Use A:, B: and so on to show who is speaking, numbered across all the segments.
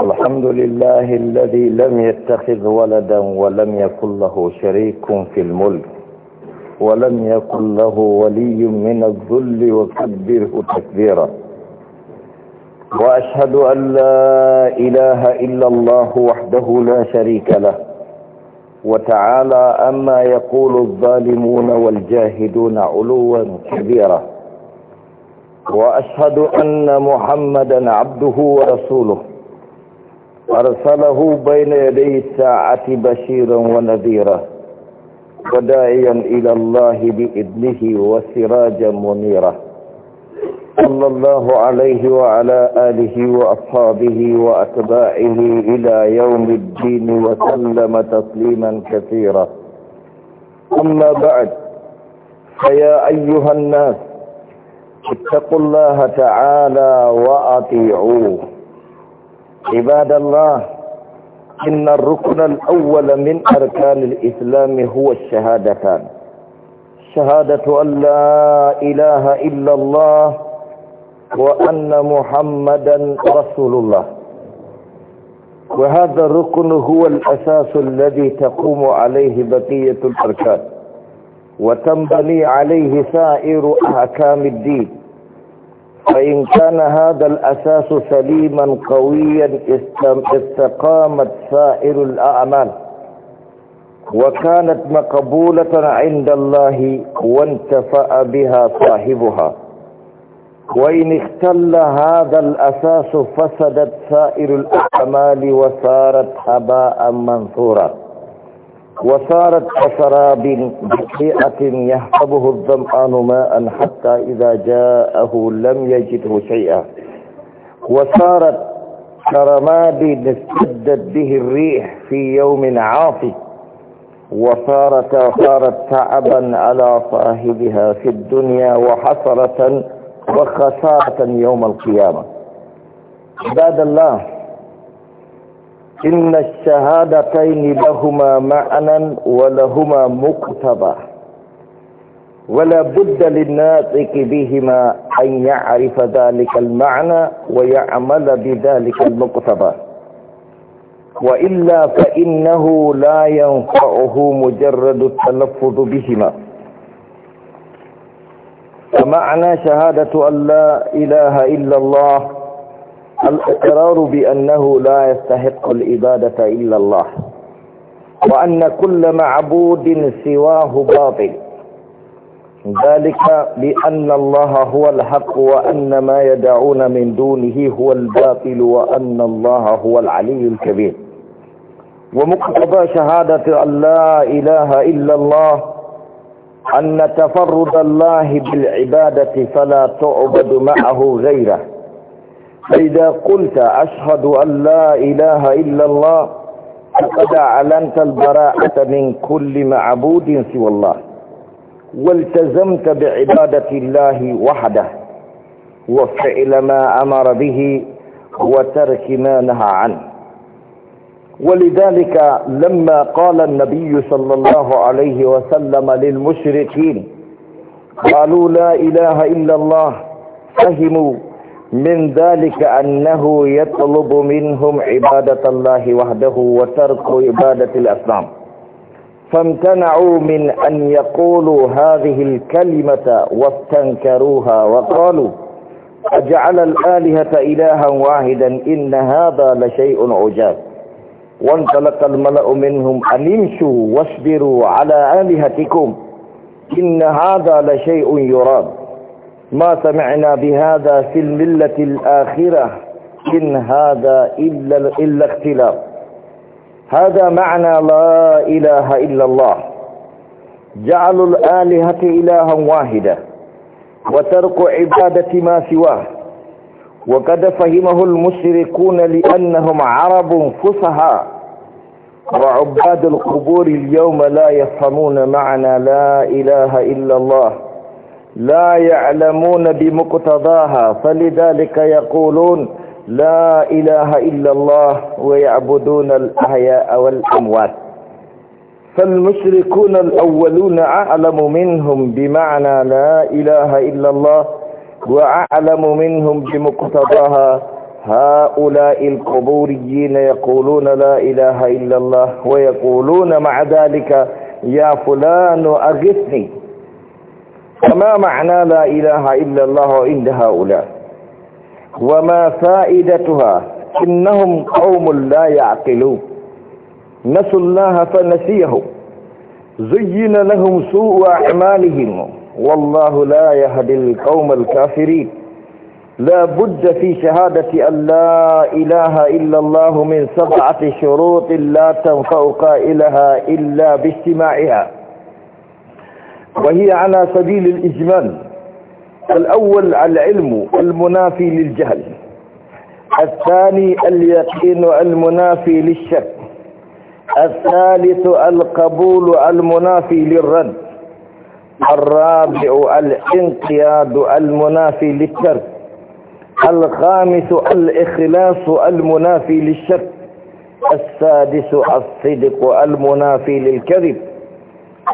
A: الحمد لله الذي لم يتخذ ولدا ولم يكن له شريك في الملك ولم يكن له ولي من الذل وكبره تكبيرا وأشهد أن لا إله إلا الله وحده لا شريك له وتعالى أما يقول الظالمون والجاهدون علوا كبيرا وأشهد أن محمدا عبده ورسوله أرسله بين يدي الساعة بشيرا ونذيرا وداعيا إلى الله بإذنه وسراجا منيرا صلى الله عليه وعلى آله وأصحابه وأتباعه إلى يوم الدين وسلم تسليما كثيرا أما بعد فيا أيها الناس اتقوا الله تعالى وأطيعوه عباد الله إن الركن الأول من أركان الإسلام هو الشهادتان شهادة أن لا إله إلا الله وأن محمدا رسول الله وهذا الركن هو الأساس الذي تقوم عليه بقية الأركان وتنبني عليه سائر أحكام الدين فإن كان هذا الأساس سليما قويا استقامت سائر الأعمال وكانت مقبولة عند الله وانتفأ بها صاحبها وإن اختل هذا الأساس فسدت سائر الأعمال وصارت هباء منثورا وصارت كسراب بقيئة يحفظه الظمآن ماء حتى إذا جاءه لم يجده شيئا وصارت كرماد استدت به الريح في يوم عاصف وصارت صارت تعبا على صاحبها في الدنيا وحسرة وخسارة يوم القيامة عباد الله إن الشهادتين لهما معنى ولهما مقتضى ولا بد للناطق بهما أن يعرف ذلك المعنى ويعمل بذلك المقتضى وإلا فإنه لا ينفعه مجرد التلفظ بهما فمعنى شهادة أن لا إله إلا الله الإقرار بأنه لا يستحق العبادة إلا الله وأن كل معبود سواه باطل ذلك بأن الله هو الحق وأن ما يدعون من دونه هو الباطل وأن الله هو العلي الكبير ومقتضى شهادة أن لا إله إلا الله أن تفرد الله بالعبادة فلا تعبد معه غيره فإذا قلت أشهد أن لا إله إلا الله فقد أعلنت البراءة من كل معبود سوى الله والتزمت بعبادة الله وحده وفعل ما أمر به وترك ما نهى عنه ولذلك لما قال النبي صلى الله عليه وسلم للمشركين قالوا لا إله إلا الله فهموا من ذلك أنه يطلب منهم عبادة الله وحده وترك عبادة الأصنام فامتنعوا من أن يقولوا هذه الكلمة واستنكروها وقالوا أجعل الآلهة إلها واحدا إن هذا لشيء عجاب وانطلق الملأ منهم أن امشوا واصبروا على آلهتكم إن هذا لشيء يراد ما سمعنا بهذا في الملة الآخرة إن هذا إلا, إلا اختلاف هذا معنى لا إله إلا الله جعلوا الآلهة إلها واحدة وترك عبادة ما سواه وقد فهمه المشركون لأنهم عرب فصحى وعباد القبور اليوم لا يفهمون معنى لا إله إلا الله لا يعلمون بمقتضاها فلذلك يقولون لا إله إلا الله ويعبدون الأحياء والأموات فالمشركون الأولون أعلم منهم بمعنى لا إله إلا الله وأعلم منهم بمقتضاها هؤلاء القبوريين يقولون لا إله إلا الله ويقولون مع ذلك يا فلان أغثني فما معنى لا إله إلا الله عند هؤلاء وما فائدتها إنهم قوم لا يعقلون نسوا الله فنسيهم زين لهم سوء أعمالهم والله لا يهدي القوم الكافرين لا بد في شهادة أن لا إله إلا الله من سبعة شروط لا تنفع قائلها إلا باجتماعها وهي على سبيل الإجمال الأول العلم المنافي للجهل الثاني اليقين المنافي للشك الثالث القبول المنافي للرد الرابع الانقياد المنافي للترك الخامس الإخلاص المنافي للشك السادس الصدق المنافي للكذب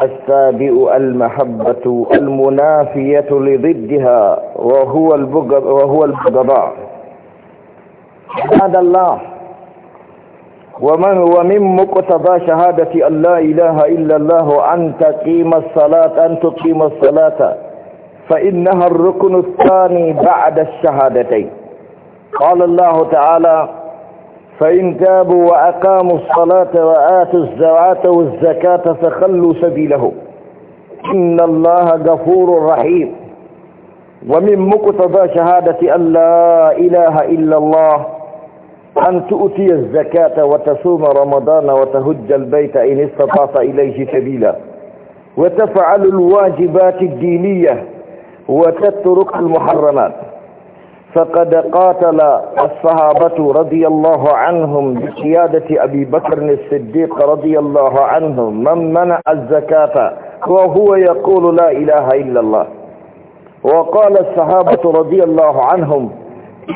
A: السابئ المحبة المنافية لضدها وهو البغض وهو البغضاء عباد الله ومن ومن مقتضى شهادة أن لا إله إلا الله أن تقيم الصلاة أن تقيم الصلاة فإنها الركن الثاني بعد الشهادتين قال الله تعالى فإن تابوا وأقاموا الصلاة وآتوا الزكاة والزكاة فخلوا سبيلهم إن الله غفور رحيم ومن مقتضى شهادة أن لا إله إلا الله أن تؤتي الزكاة وتصوم رمضان وتهج البيت إن استطعت إليه سبيلا وتفعل الواجبات الدينية وتترك المحرمات فقد قاتل الصحابة رضي الله عنهم بقيادة أبي بكر الصديق رضي الله عنهم من منع الزكاة وهو يقول لا إله إلا الله وقال الصحابة رضي الله عنهم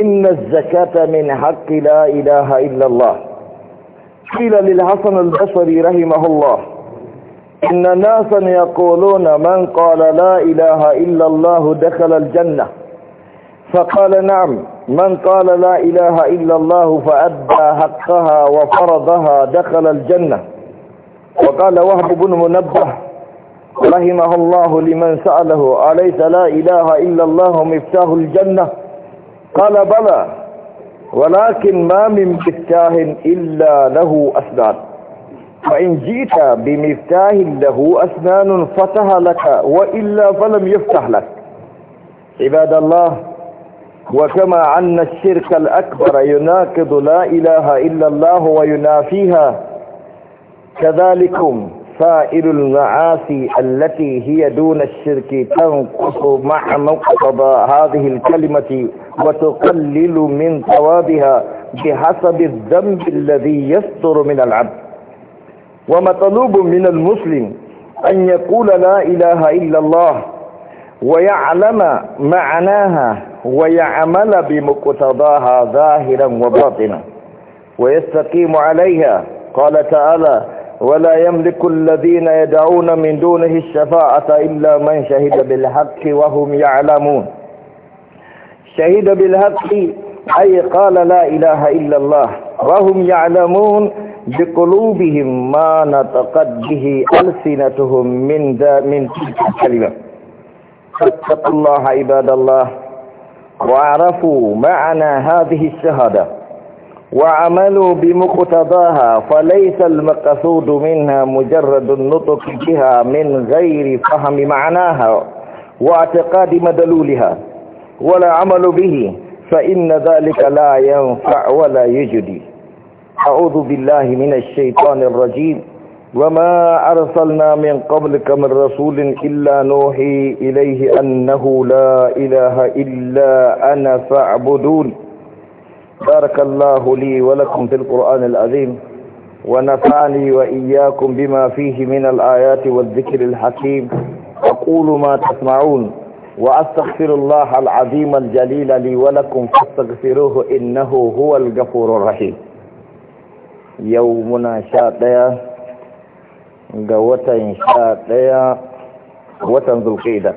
A: إن الزكاة من حق لا إله إلا الله قيل للحسن البصري رحمه الله إن ناسا يقولون من قال لا إله إلا الله دخل الجنة فقال نعم من قال لا إله إلا الله فأدى حقها وفرضها دخل الجنة وقال وهب بن منبه رحمه الله لمن سأله أليس لا إله إلا الله مفتاح الجنة قال بلى ولكن ما من مفتاح إلا له أسنان فإن جئت بمفتاح له أسنان فتح لك وإلا فلم يفتح لك عباد الله وكما أن الشرك الأكبر يناقض لا إله إلا الله وينافيها كذلكم سائر المعاصي التي هي دون الشرك تنقص مع مقتضى هذه الكلمة وتقلل من ثوابها بحسب الذنب الذي يستر من العبد ومطلوب من المسلم أن يقول لا إله إلا الله ويعلم معناها ويعمل بمقتضاها ظاهرا وباطنا ويستقيم عليها قال تعالى ولا يملك الذين يدعون من دونه الشفاعة إلا من شهد بالحق وهم يعلمون شهد بالحق أي قال لا إله إلا الله وهم يعلمون بقلوبهم ما نطقت به ألسنتهم من ذا من تلك الكلمة فاتقوا الله عباد الله وعرفوا معنى هذه الشهادة وعملوا بمقتضاها فليس المقصود منها مجرد النطق بها من غير فهم معناها واعتقاد مدلولها ولا عمل به فإن ذلك لا ينفع ولا يجدي أعوذ بالله من الشيطان الرجيم وما أرسلنا من قبلك من رسول إلا نوحي إليه أنه لا إله إلا أنا فاعبدون بارك الله لي ولكم في القرآن العظيم ونفعني وإياكم بما فيه من الآيات والذكر الحكيم أقول ما تسمعون وأستغفر الله العظيم الجليل لي ولكم فاستغفروه إنه هو الغفور الرحيم يومنا شاطئ ga watan sha ɗaya watan zulƙida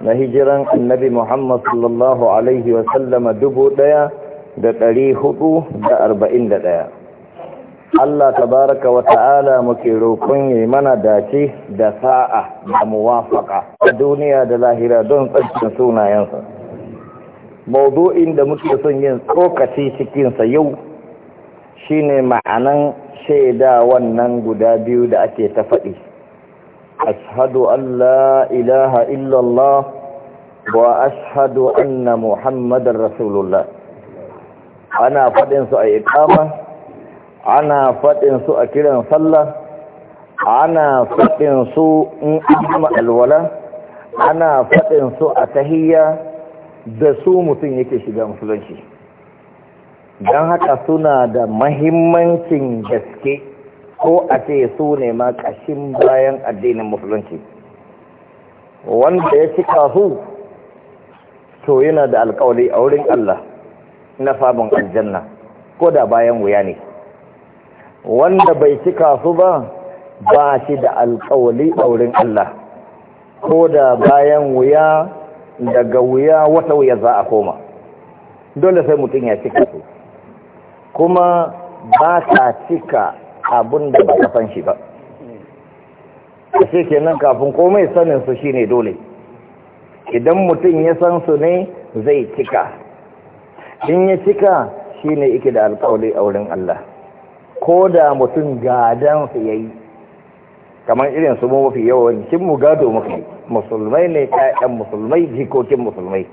A: na hijiran annabi muhammad sallallahu alaihi wasallama dubu ɗaya da ɗari hudu da arba'in da ɗaya Allah tabaraka wa ta'ala muke roƙon yi mana dace da sa'a da muwafaka a duniya da lahira don tsarkin sunayensa. Maudu'in da muke son yin tsokaci cikinsa yau shine ma'anan shaida wannan guda biyu da ake ta faɗi ashadu an la ilaha illallah wa ashhadu anna muhammadar rasulullah ana faɗin su a iqama ana faɗin su a kiran sallah ana faɗin su in alwala ana faɗin su a tahiyya da su mutum yake shiga musulunci don haka suna da mahimmancin gaske ko a ce su ne ma ƙashin bayan addinin musulunci wanda ya cika su to yana da alkawari a wurin Allah na samun aljanna ko da bayan wuya ne wanda bai cika su ba ba shi da alkawari a wurin Allah ko da bayan wuya daga wuya wata wuya za a koma dole sai mutum ya cika su kuma ba ta cika abin da ba san shi ba ashe kenan kafin komai sanin su ne dole idan mutum ya san su ne zai cika in ya cika shi ne ike da alkawali a wurin Allah ko da mutum gadon su yi. kamar irin su mafi yawan kin mu gado mafi musulmai ne ƴaƴan musulmai jikokin musulmai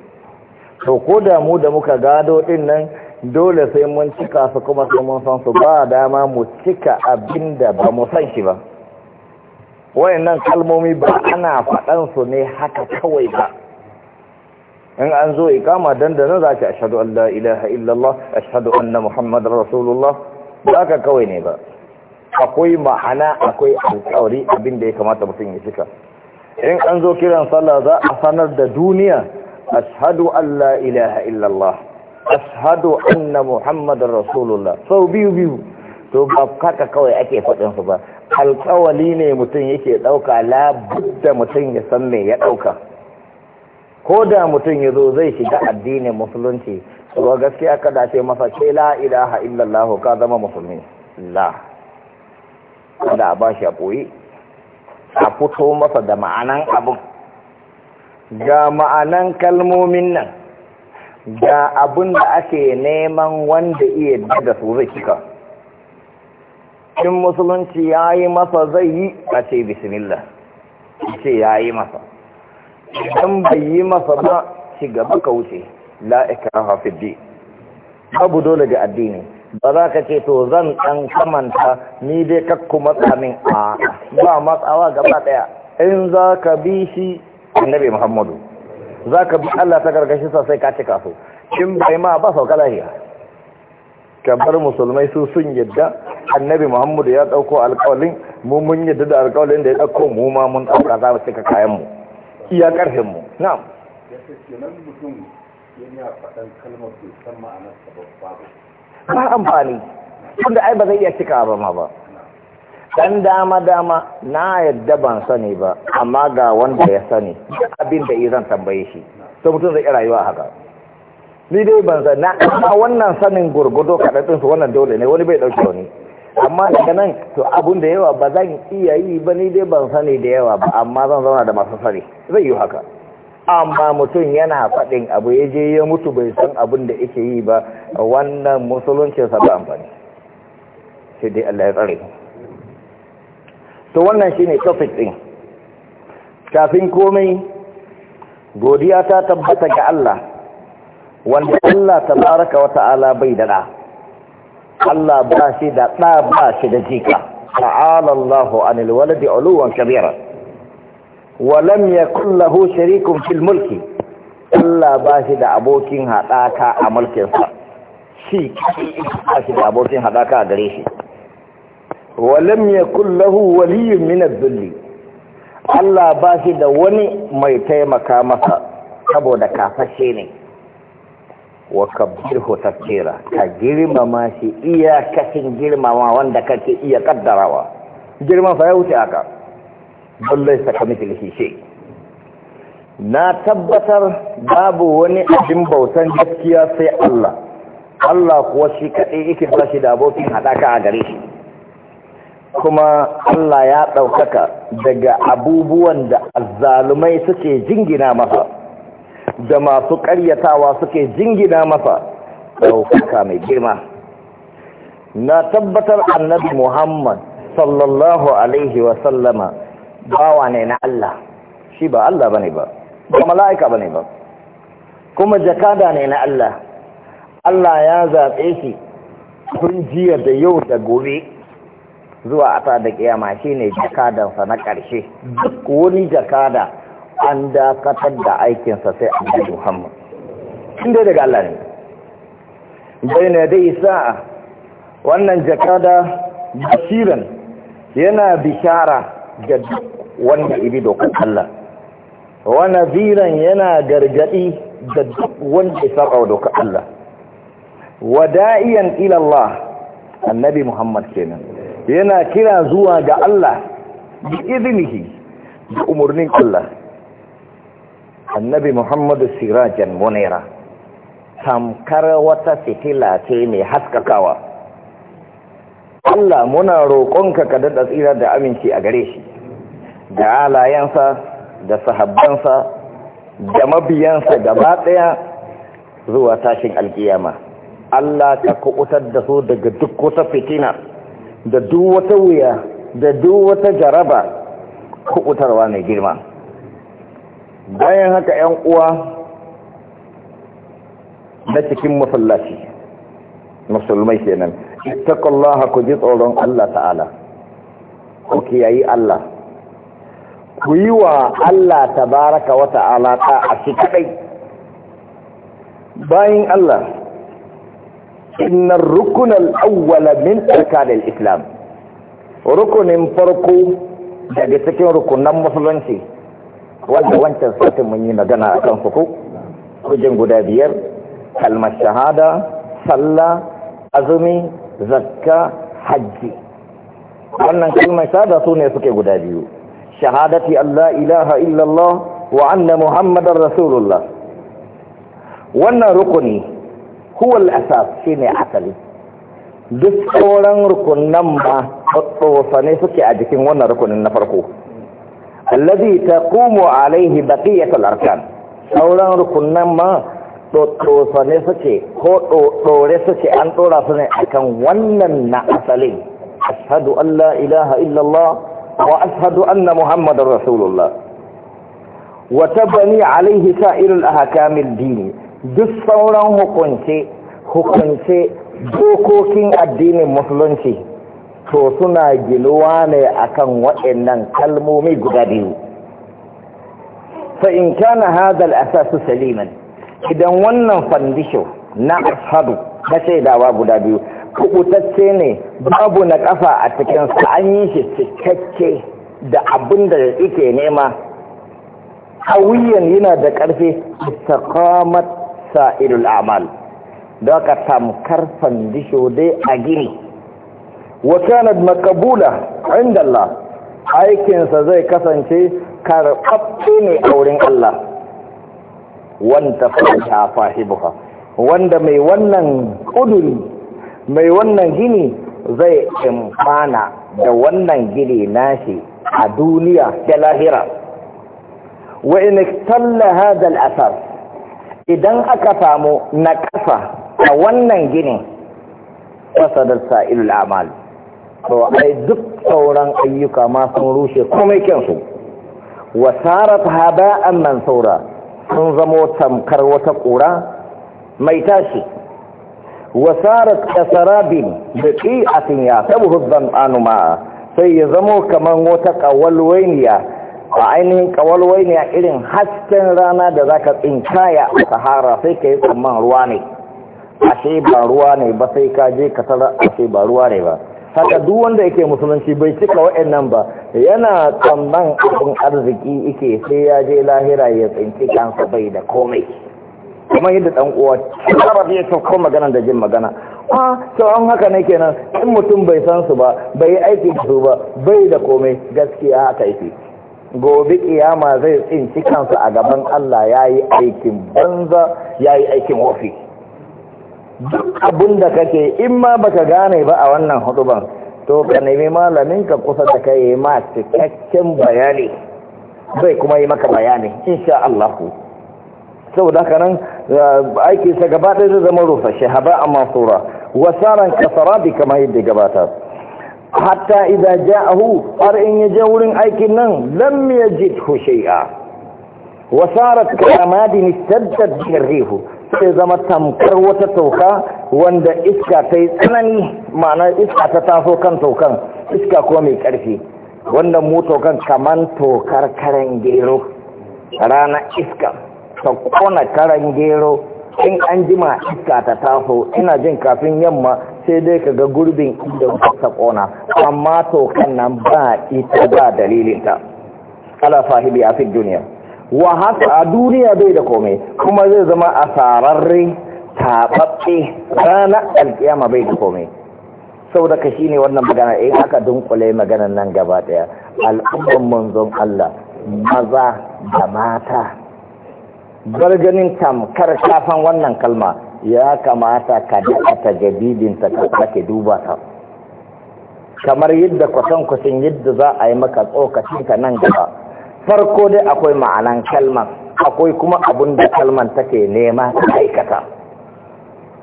A: to ko da mu da muka gado din nan dole sai mun cika su kuma sai mun san su ba dama mu cika abinda ba mu san shi ba wayannan kalmomi ba ana faɗan su ne haka kawai ba in an zo ikama da za ki ashhadu an la ilaha illallah ashhadu anna muhammadar rasulullah ba ka kawai ne ba akwai ma'ana akwai alƙawari abinda ya kamata mutum ya cika in an zo kiran sallah za a sanar da duniya ashhadu an la ilaha illallah ashhadu anna muhammadar rasulullah sau biyu biyu to ba kaka kawai ake faɗin su ba alƙawali ne mutum yake ɗauka labudda mutum ya san me ya ɗauka ko da mutum ya zo zai shiga addinin musulunci to gaskiya ka dace masa ce la ilaha illallah ka zama musulmi la da a shi a koyi a fito masa da ma'anan abu ga ma'anan kalmomin nan ga abin da ake neman wanda iya da su zai cika in musulunci ya yi masa zai yi a ce bismillah ce ya yi masa idan bai yi masa ba ci gaba ka wuce la'ika hafiddi babu dole da addini ba za ka ce to zan ɗan kamanta ni dai kakku matsamin a ba matsawa gaba ɗaya in za ka bi shi annabi muhammadu za ka bi Allah ta gargashi sa sai ka cika su in bai ma ba sauka lahiya kabar musulmai su sun yadda annabi muhammadu ya dauko alƙawalin mu mun yadda da alƙawalin da ya dauko mu ma mun dauka za mu cika kayan mu iya karfin mu na'am mutum yana faɗan kalmar ba amfani tunda ai ba zai iya cika ba ma ba dan dama dama na yadda ban sani ba amma ga wanda ya sani abin da zan tambaye shi to mutum zai rayuwa haka ni dai ban san na amma wannan sanin gurgudo kada su wannan dole ne wani bai dauke wani amma daga nan to abun da yawa ba zan iya yi ba ni dai ban sani da yawa ba amma zan zauna da masu sani zai yi haka amma mutum yana faɗin abu ya je ya mutu bai san abin da yake yi ba wannan musuluncinsa ba amfani sai dai Allah ya tsare to wannan shine topic din kafin komai godiya ta tabbata ga Allah wanda Allah tabaraka wa ta'ala bai dada Allah ba shi da da ba shi da jika ta'ala Allahu anil waladi uluwan kabira wa lam yakul lahu sharikun fil mulki Allah ba shi da abokin hadaka a sa, shi ba shi da abokin hadaka a gare shi walam ya kullahu waliyyun min adh-dhilli Allah ba shi da wani mai taimaka masa saboda kafashe ne wa kabbirhu tafsira ka girmama shi iya kashin girmama wanda kake iya kaddarawa girman fa ya wuce haka balle saka mithlihi shay na tabbatar babu wani abin bautan gaskiya sai Allah Allah kuwa shi kaɗai yake ba shi da abokin haɗaka a gare shi kuma Allah ya ɗaukaka daga abubuwan da azzalumai suke jingina masa da masu ƙaryatawa suke jingina masa
B: ɗaukaka
A: mai girma na tabbatar annabi Muhammad sallallahu alaihi wasallama bawa ne na Allah shi ba Allah ba ne ba ba mala'ika ba ne ba kuma jakada ne na Allah Allah ya zaɓe shi tun jiya da yau da gobe zuwa a ta da kiyama shine jakadansa na ƙarshe duk wani jakada an dakatar da aikinsa sai annabi Muhammad tun daga Allah ne baina dai sa'a wannan jakada basiran yana bishara ga duk wanda ibi dokar Allah wannan nadhiran yana gargadi ga duk wanda ya saba dokar Allah wada'iyan da'iyan ilallah annabi Muhammad kenan yana kira zuwa ga Allah bi izini da umarnin Allah annabi Muhammadu Sirajan Munira tamkar wata fitila ce mai haskakawa Allah muna roƙonka ka daɗa tsira da aminci a gare shi da alayensa da sahabbansa da mabiyansa gaba ɗaya zuwa tashin alkiyama Allah ka kuɓutar da su daga duk wata fitina da duk wata wuya da duk wata jaraba kubutarwa mai girma bayan haka 'yan uwa na cikin masallaci musulmai kenan ittaqullaha ku ji tsoron Allah ta'ala ku kiyayi Allah ku yi wa Allah tabaraka wa ta'ala ta a shi Bayin bayan Allah inna rukun al'awwala min tsarkanin islam rukunin farko daga cikin rukunan musulunci wanda wancan satin mun yi magana a kan suku kujin guda biyar kalmar shahada sallah azumi zakka hajji wannan kalmar shahada su ne suke guda biyu shahadati allah ilaha illallah wa anna muhammadar rasulullah wannan rukuni huwal asas shine asali duk sauran rukunan ba tsotsane suke a jikin wannan rukunin na farko allazi taqumu alaihi baqiyatul arkan sauran rukunan ma tsotsane suke ko dore suke an dora su ne akan wannan na asalin ashhadu an la ilaha illallah wa ashhadu anna muhammadar rasulullah wa tabani alaihi sa'irul ahkamid dini duk sauran hukunce hukunce dokokin addinin musulunci to suna giluwa ne akan waɗannan kalmomi guda biyu fa in kana hadal asasu saliman idan wannan fandisho na ashadu na shaidawa guda biyu kubutacce ne babu na kafa a cikinsa an yi shi cikakke da abin da yake nema hawiyan yana da ƙarfi istaqamat sa'irul amal da ka tamkar fandisho dai a gini wa makabula maqbula inda Allah aikinsa zai kasance karɓaɓɓe ne a wurin Allah wanda fahimta fahibuka wanda mai wannan mai wannan gini zai imfana da wannan gini nashi a duniya da lahira wa in hadal asar idan aka samu na ƙasa a wannan ginin fasadar sa'ilul amal to ai duk sauran ayyuka ma sun rushe komai kyansu haɗa annan saura sun zamo tamkar wata ƙura mai tashi wasarat kasarabin da a ya sabu hudban anu sai ya zamo kamar wata ƙawalwainiya a ainihin kawalwai ne a irin hasken rana da za ka tsinkaya a sahara sai ka yi tsamman ruwa ne ashe ba ruwa ne ba sai ka je ka tara ashe ba ruwa ne ba haka duk wanda yake musulunci bai cika wa'annan ba yana tsamman abin arziki yake sai ya je lahira ya tsinci kansa bai da komai kuma yadda dan uwa sabar ya ko magana da jin magana ha ah, to an haka ne kenan in mutum bai san su ba bai aiki da su ba bai da komai gaskiya haka yake gobe kiyama zai tsinci kansa a gaban Allah ya yi aikin banza ya yi aikin wafi duk abin da kake in ma baka gane ba a wannan huduban to ka nemi malamin ka kusa da ka yi ma cikakken bayani zai kuma yi maka bayani insha Allah ku sau da eh, aiki sa gaba ɗaya zai zama rufe shahaba a masura wasaran kasara bi kama yadda gabata hatta idza ja'ahu har in ya je wurin aikin nan lam yajidhu shay'a wa sarat kalamadin istaddat rihu sai zama tamkar wata tauka wanda iska ta yi tsanani ma'ana iska ta taso kan taukan iska ko mai karfi wanda mu taukan kaman tokar karen gero rana iska ta kona karen gero in an jima iska ta taso ina jin kafin yamma sai dai ka ga gurbin inda ta kona amma to kan nan ba ita ba dalilinta ala sahibi a fi duniya wa haka a duniya bai da komai kuma zai zama a asararre taɓaɓɓe Rana alƙiyama bai da komai Sau da ka shine wannan magana in aka dunkule maganan nan gaba ɗaya al'umman manzon Allah maza da mata bar ganin tamkar kafan wannan kalma ya kamata ka dakata ta jadidinta ka sake duba ta kamar yadda kwatankwacin yadda za a yi maka tsokacin ka nan gaba farko dai akwai ma'anan kalmar akwai kuma abin da kalmar take nema ta aikata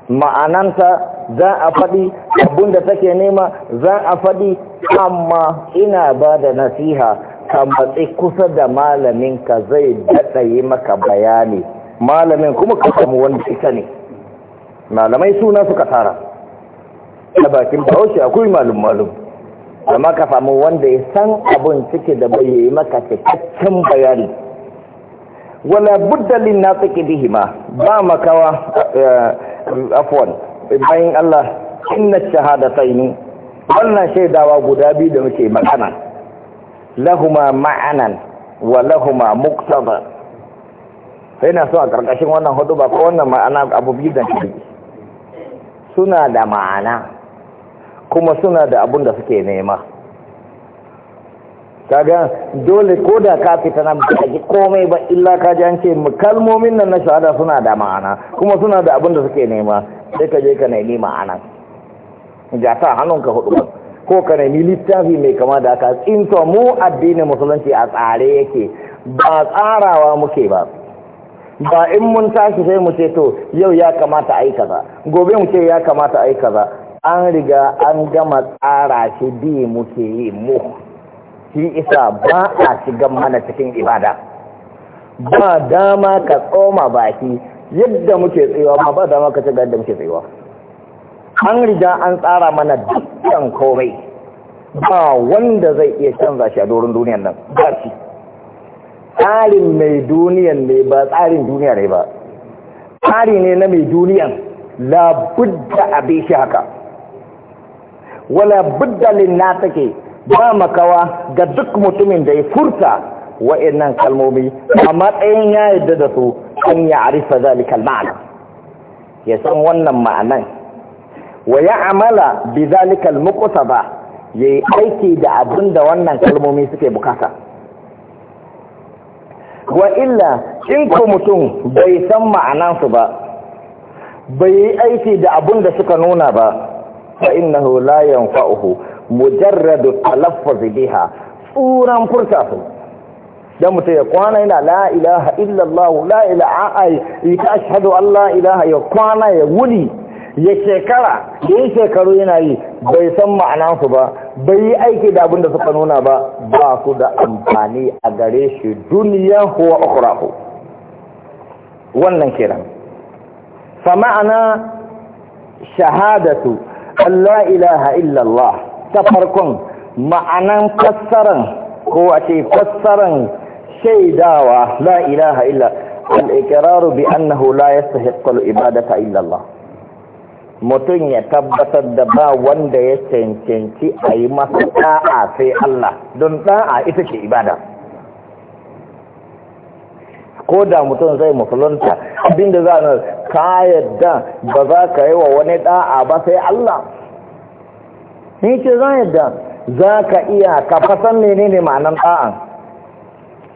A: ma'ananta za a faɗi abin da take nema za a faɗi amma ina ba da nasiha ka matsi kusa da malamin ka zai daɗa yi maka bayani malamin kuma ka samu wanda ita ne malamai suna suka tara na bakin bahaushe akwai malum malum amma ka samu wanda ya san abin cike da bai yi maka cikakken bayani wala na lin bihi ma. ba makawa eh, afwan bayan Allah inna shahadataini wannan shaidawa guda biyu da muke magana lahuma ma'anan wa lahuma muktaba sai na so a karkashin wannan hudu ba ko wannan ma'ana abu biyu da shi suna da ma'ana kuma suna da abun da suke nema kaga dole ko da ka fita na ba ji komai ba illa ka ji an ce kalmomin nan na shahada suna da ma'ana kuma suna da abun da suke nema sai ka je ka nemi ma'ana ja ta ka hudu ba ko ka nemi littafi mai kama da aka tsinta mu addinin musulunci a tsare yake ba tsarawa muke ba ba in mun tashi sai mu ce to yau ya kamata a yi kaza gobe mu ce ya kamata a yi kaza an riga an gama tsara shi bi muke yi mu shi isa ba a shigan mana cikin ibada ba dama ka tsoma baki yadda muke tsayuwa ma ba dama ka ci yadda muke tsayuwa an riga an tsara mana dukkan komai ba wanda zai iya canza shi a doron duniyan nan ba shi tsarin mai duniyan ne ba tsarin duniya ne ba tsari ne na mai duniyan labudda abin shi haka wala budda na take ba makawa ga duk mutumin da ya furta wa'annan kalmomi a matsayin ya yadda da su an ya arifa zalikal ma'ana ya san wannan ma'anan wa ya amala bi zalikal ya yi aiki da abin da wannan kalmomi suke bukata wa illa in ko mutum bai san ma'anansu ba bai yi aiki da abun da suka nuna ba fa innahu la yanfa'uhu mujarradu talaffuz biha tsuran furta su dan mutum ya kwana yana la ilaha illa allah la ilaha ai ita ashhadu an la ilaha ya kwana ya wuli ya shekara ya shekaru yana yi bai san ma'anansu ba bai yi aiki da abin da suka nuna ba ba su da amfani a gare shi duniya huwa ukurahu wannan kiran fa ma'ana shahadatu Allah ilaha illallah ta farkon ma'anan fassaran ko a ce fassaran shaidawa la ilaha illa al-iqraru bi annahu la yastahiqqu al-ibadata illallah. mutum ya tabbatar da ba wanda ya cancanci a yi masa ɗa'a sai Allah don ɗa'a ita ce ibada ko da mutum zai musulunta abinda za a ka yadda ba za ka yi wa wani ɗa'a ba sai Allah ni ce za yadda za ka iya ka fasan menene ma'anan ɗa'a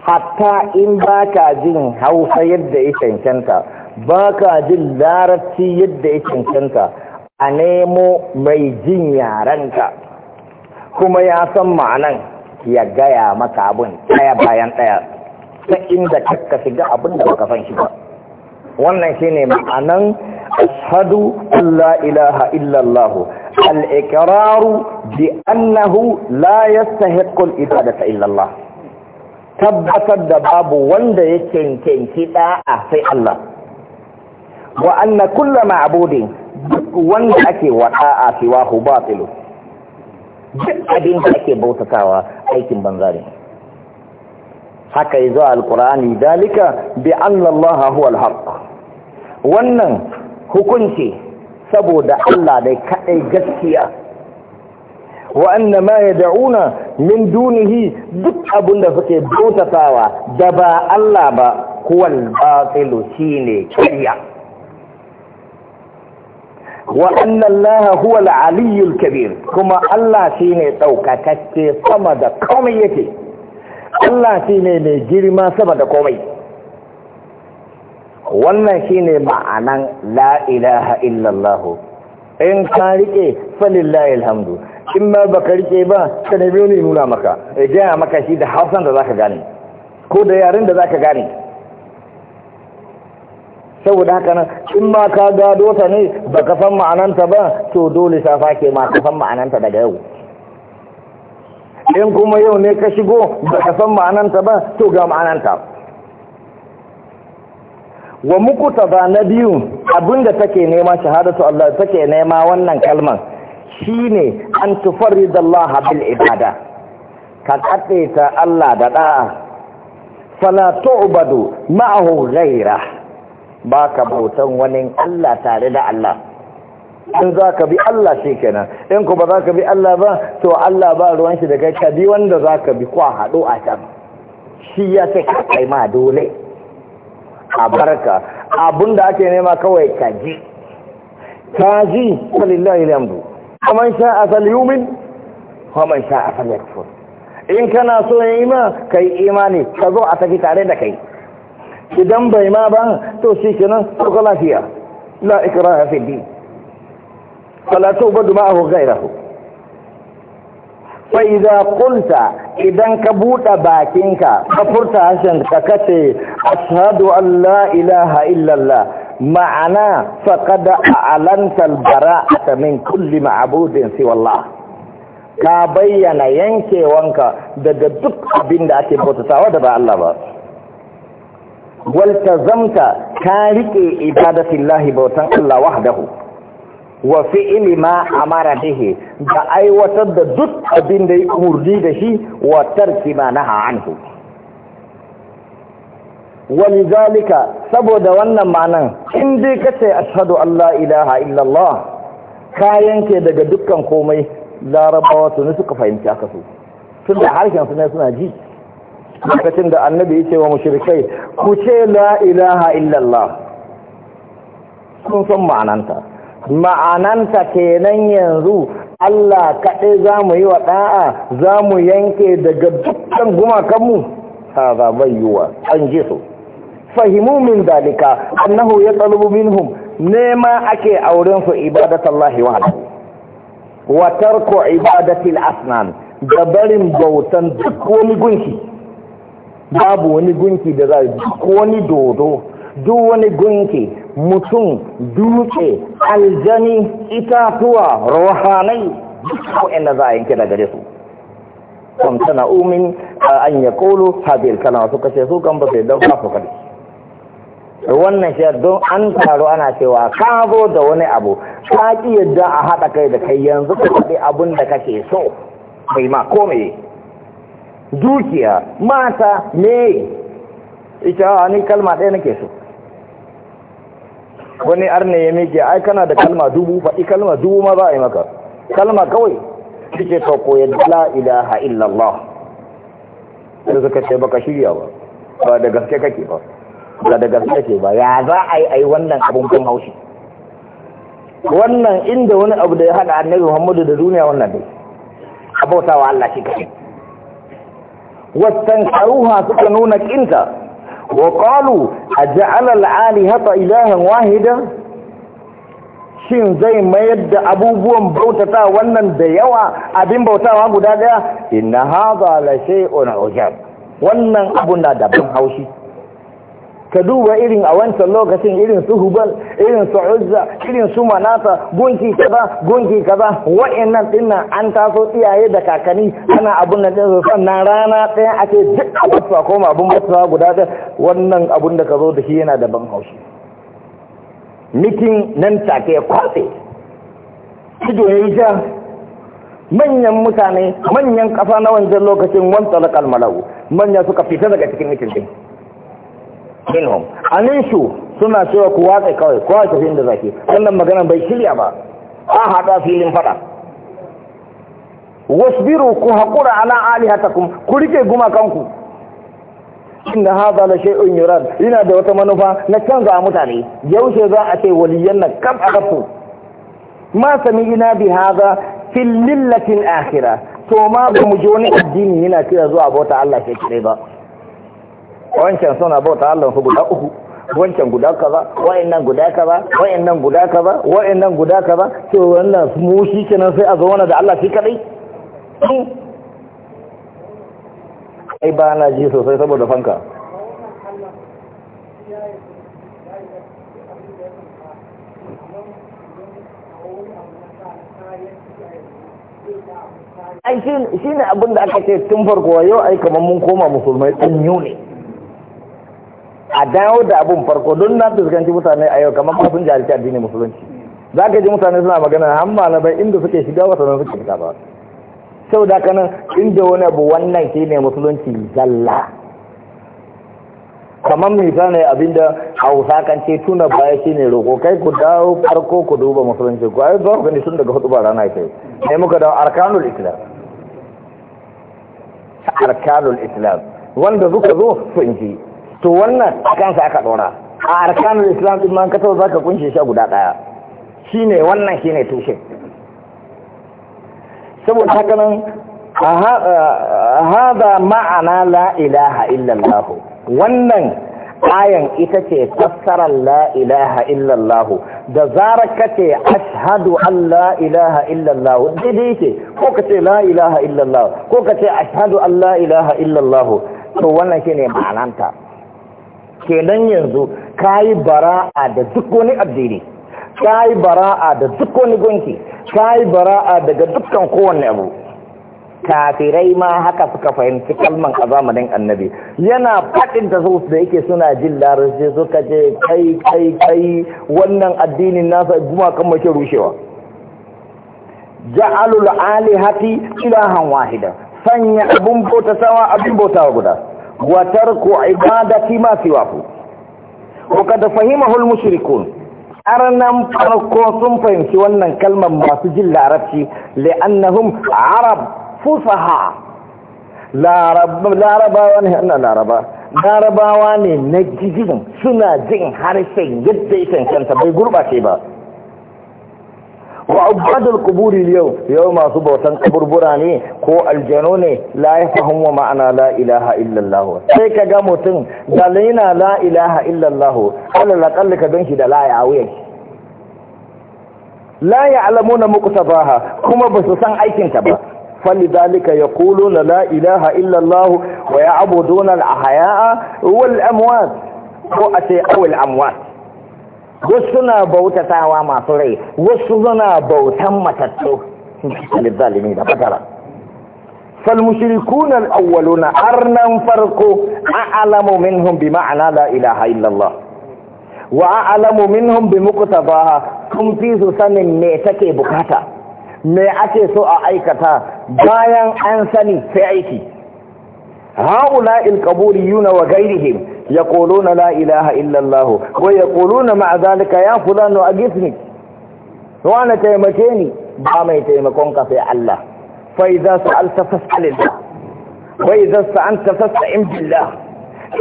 A: hatta in ba ka jin hausa yadda ya cancanta ba ka jin larabci yadda ya cancanta a nemo mai jin yarenka kuma ya san ma'anan ya gaya maka abin ɗaya bayan ɗaya ta inda ka shiga abin da baka san shi ba wannan shine ma'anan ashadu allah, ilaha illallah al bi annahu la ita da ibadata illallah tabbatar da babu wanda ya cancanci ɗaa sai Allah wa anna kulla ma'budin duk wanda ake wata a siwa hu batilu duk abin da ake bautatawa aikin banza ne haka yazo alqur'ani dalika bi anna allaha huwa alhaq wannan hukunci saboda Allah dai kadai gaskiya wa anna ma yad'una min dunihi duk abinda suke bautatawa da ba Allah ba huwal batilu shine kariya wa annan laha kabir kuma Allah shi ne ɗaukakacce sama da komai yake Allah shi ne mai girma sama da komai wannan shi ne ma'anan la ilaha illallah in ka rike falillahi alhamdu in ma baka rike ba ka ne nuna maka ya gaya maka shi da hausan da zaka gane ko da yaren da zaka gane saboda haka nan in ma ka gado ta ne ba ka san ma'ananta ba to dole ta ke ma ka san ma'ananta daga yau in kuma yau ne ka shigo ba ka san ma'ananta ba to ga ma'ananta wa mukuta ba na biyu abinda take nema shahadatu Allah take nema wannan kalman shine an Allah bil ibada ka kaɗe ta Allah da ɗa'a fala tu'badu ma'ahu ghairah ba ka bautan wani Allah tare da Allah in za ka bi Allah shi kenan in ku ba za ka bi Allah ba to Allah ba ruwan shi daga ka bi wanda za ka bi kwa haɗo a can shi ya ce ka kai ma dole a barka abin da ake nema kawai ka ji ka ji salillahi lamdu kamar sha a saliumin kamar sha a saliyar in kana so ya yi ma ka yi imani ka zo a saki tare da kai idan bai ma ba to shi kenan sauka lafiya la ikraha fi din fala tubadu ma'ahu ghayrahu fa idan qulta idan ka buɗe bakinka ka furta harshen ka kace ashhadu an la ilaha illallah ma'ana faqad a'lanta al-bara'ata min kulli ma'budin si ka bayyana yankewanka daga duk abin da ake bautatawa da ba Allah ba waltazamta ka rike ibadatillahi bautan Allah wahdahu wa fi'li ma amara bihi da aiwatar da duk abin da ya murdi da shi wa tarki ma naha anhu walizalika saboda wannan ma'anan in dai kace ashhadu alla ilaha illallah ka yanke daga dukkan komai larabawa su suka fahimci aka so tunda harshen su suna ji lokacin da annabi ya ce wa mushrikai ku ce la ilaha illallah sun san ma'ananta ma'ananta kenan yanzu Allah kaɗai za mu yi wa ɗa'a za mu yanke daga dukkan gumakanmu ha za bai an ji su fahimu min dalika annahu ya tsalubu minhum nema ake auren su wa wahdahu wa tarku ibadatil asnan da barin bautan duk wani gunki babu wani gunki da za duk wani dodo duk wani gunki mutum dutse aljani itatuwa rohanai duk ina za a yanke daga gare su kwamtana umin an ya kolo habil kana su su kan ba sai don kafa kare wannan shi don an taro ana cewa ka zo da wani abu ka ki yadda a haɗa kai da kai yanzu ka faɗi abin da kake so bai ma komai dukiya mata me ita ah, ni kalma ɗaya nake so wani arne ya mike ai kana da kalma dubu faɗi kalma dubu ma za a yi maka kalma kawai suke ka koyar la ilaha illallah da suka ce baka shirya ba ba da gaske kake ba ba da gaske ke ba ya za a yi ai wannan abun kun haushi wannan inda wani abu da ya hada annabi muhammadu da duniya wannan dai abautawa Allah shi kai nuna واستنكروها سكنون كنتا وقالوا أجعل الآلهة ilahan واحدا shin zai mayar da abubuwan bautata wannan da yawa abin bautawa guda daya inna hadha la shay'un ujab wannan abu na da ban haushi ka duba irin a wancan lokacin irin su hubal irin su uzza irin su manata gunki kaza gunki kaza wa'annan dinnan an taso iyaye da kakanni ana abun da zai sannan rana ɗaya ake duk a wasu koma abun wasu guda da wannan abun da ka zo da shi yana da ban haushi mitin nan take ya kwatse ido ya yi ja manyan mutane manyan kafa na wancan lokacin wancan lakal malawu manya suka fita daga cikin mitin din minhum anishu suna cewa ku watsa kawai ko watsa filin da zaki wannan magana bai shirya ba a haɗa filin faɗa wasbiru ku haƙura ala alihatakum ku rike kanku inda hadha la shay'un yurad ina da wata manufa na canza mutane yaushe za a ce waliyan nan kam arafu ma sami ina bi hadha fil lillatil akhirah to ma ba mu ji wani addini yana kira zuwa bauta Allah sai kire ba wancan suna bauta Allah su guda uku wancan guda kaza wa'annan guda kaza wa'annan guda kaza wa'annan guda kaza to wannan mu shi kenan sai a zo wani da Allah shi kadai hmm. ai ba na ji sosai saboda fanka ai shi ne abinda aka ce tun farko yau ai kamar mun koma musulmai yau ne a dawo da abun farko don na fuskanci mutane a yau kamar sun jahilci addini musulunci za ka ji mutane suna magana na, malamai inda suke shiga wasu nan suke fita ba sau da kanan inda wani abu wannan shi ne musulunci zalla kamar misali abinda hausa kan ce tuna baya shi ne roƙo kai ku dawo farko ku duba musulunci ku ayi zuwa gani sun daga hudu ba rana ke ne muka dawo arkanul islam arkanul islam wanda zuka zo sun ji to wannan a kansa aka ɗora a arkanin islam ɗin ma kasar za ka kunshe sha guda ɗaya shi ne wannan shi ne tushe saboda haka nan haɗa ma'ana la ilaha illallah wannan ayan ita ce fassarar la ilaha illallah da zarar ka ce ashhadu an la ilaha illallah daidai ce ko ka ce la ilaha illallah ko ka ce ashhadu an la ilaha illallah to wannan shine ma'ananta kenan yanzu kayi bara'a da duk wani addini kayi bara'a da duk wani gunki kayi bara'a daga dukkan kowanne abu kafirai ma haka suka fahimci kalman a zamanin annabi yana faɗin da su da yake suna jin larabci suka ce kai kai kai wannan addinin nasa guma kan mace rushewa ja'alul alihati ilahan wahida sanya abun bauta sama abin bauta guda wa tarku ibadati ma siwahu wa kad fahimahu al arnan farko sun fahimci wannan kalmar masu jin larabci li'annahum arab fusaha larabawa ne ana laraba larabawa ne na jijin suna jin harshen yadda ya cancanta bai gurbace ba wa ubadul quburi yau yau masu bautan kaburbura ne ko aljanu ne la yafhamu ma'ana la ilaha illallah sai ga mutum dalaina la ilaha illallah ala laqalla ka ganki da la ya wuya la ya'lamuna muqtabaha kuma ba su san aikin ta ba فلذلك يقولون لا إله إلا الله ويعبدون الأحياء والأموات أو الأموات wasu suna bauta tawa masu rai wasu suna bautan matattu zalimi da fatara fal mushrikuna al farko a'lamu minhum bi ma'ana la ilaha illallah wa a'lamu minhum bi muqtadaha kun fi su sanin me take buƙata. me ake so a aikata bayan an sani sai aiki هؤلاء القبوريون وغيرهم يقولون لا إله إلا الله ويقولون مع ذلك يا فلان أجثني وأنا تيمكيني بامي تيمكونك في الله فإذا سألت فاسأل الله وإذا استعنت فاستعن بالله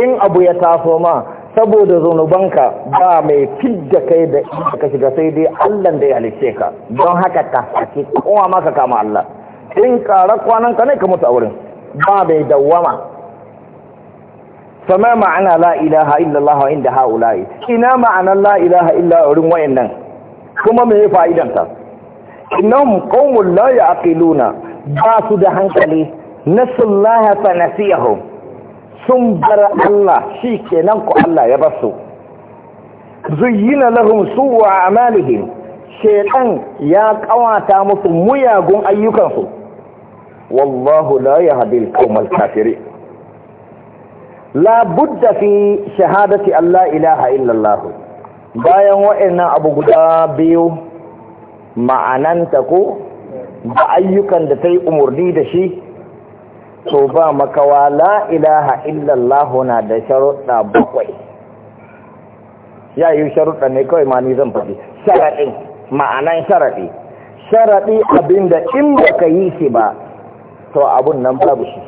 A: إن أبو يتافو ما saboda zunubanka ba mai fidda kai da ka shiga sai dai Allah da ya halice ka don haka ka sake kowa maka kama Allah in ƙara ka ne ka mutu a wurin ba bai dawwama sama ma'ana la ilaha illallah inda haula'i ina ma'ana la ilaha illa wurin wayannan kuma me fa'idan ta innahum qaumun la ya'qiluna ba su da hankali nasullaha fa nasiyahum sun bar Allah shi kenan ku Allah ya basu zuyyina lahum su'a amalihim shaytan ya kawata musu muyagun ayyukansu Wallahu لا يهدي القوم الكافرين لا بد في شهادة أن لا إله إلا الله bayan wa'annan abu guda biyu ma'ananta ko da ayyukan da ta yi umarni da shi to ba makawa la ilaha illallahu na da sharuɗa bakwai ya yi sharuɗa ne kawai ma ni zan faɗi sharaɗin ma'anan sharaɗi sharaɗi abinda in baka yi shi ba to abun nan babu shi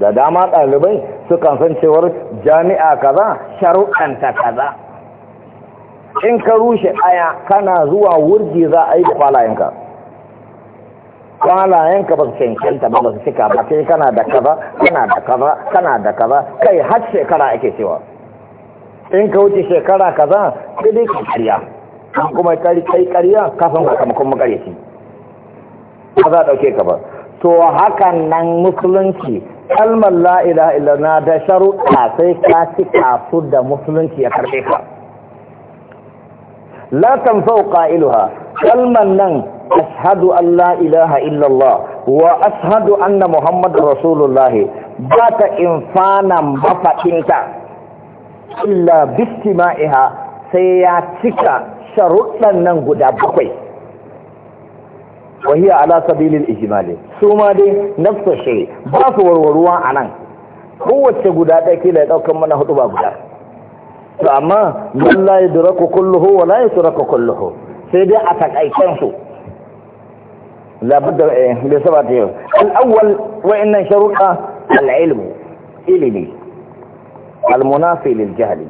A: da dama ɗalibai sukan san cewar jami'a kaza sharuɗanta kaza in ka rushe ɗaya kana zuwa wurji za a yi da kwalayenka kwalayenka ba su cancanta ba su cika ba sai kana da kaza kana da kaza kana da kaza kai har shekara ake cewa in ka wuce shekara kaza sai dai ka karya kuma kai karya kasan sakamakon shi. ba za a ɗauke ka ba to hakan nan musulunci kalmar la'ila ilana da sharuɗa sai ka ci kasu da musulunci ya karɓe ka La fauka qailuha kalmar nan ashadu an ilaha illallah wa ashadu anna muhammadu rasulullahi ba ta infanan mafaɗinta illa bistima'iha sai ya cika sharuɗan nan guda bakwai وهي على سبيل الإجمال ثم دي نفس الشيء باس وروروا عنان هو الشهودات كده لو كم من هتبا غدا فأما من لا يدرك كله ولا يترك كله سيدي أتك أي كنسو لابد بسبب الأول وإن شروطها العلم إلمي المنافي للجهل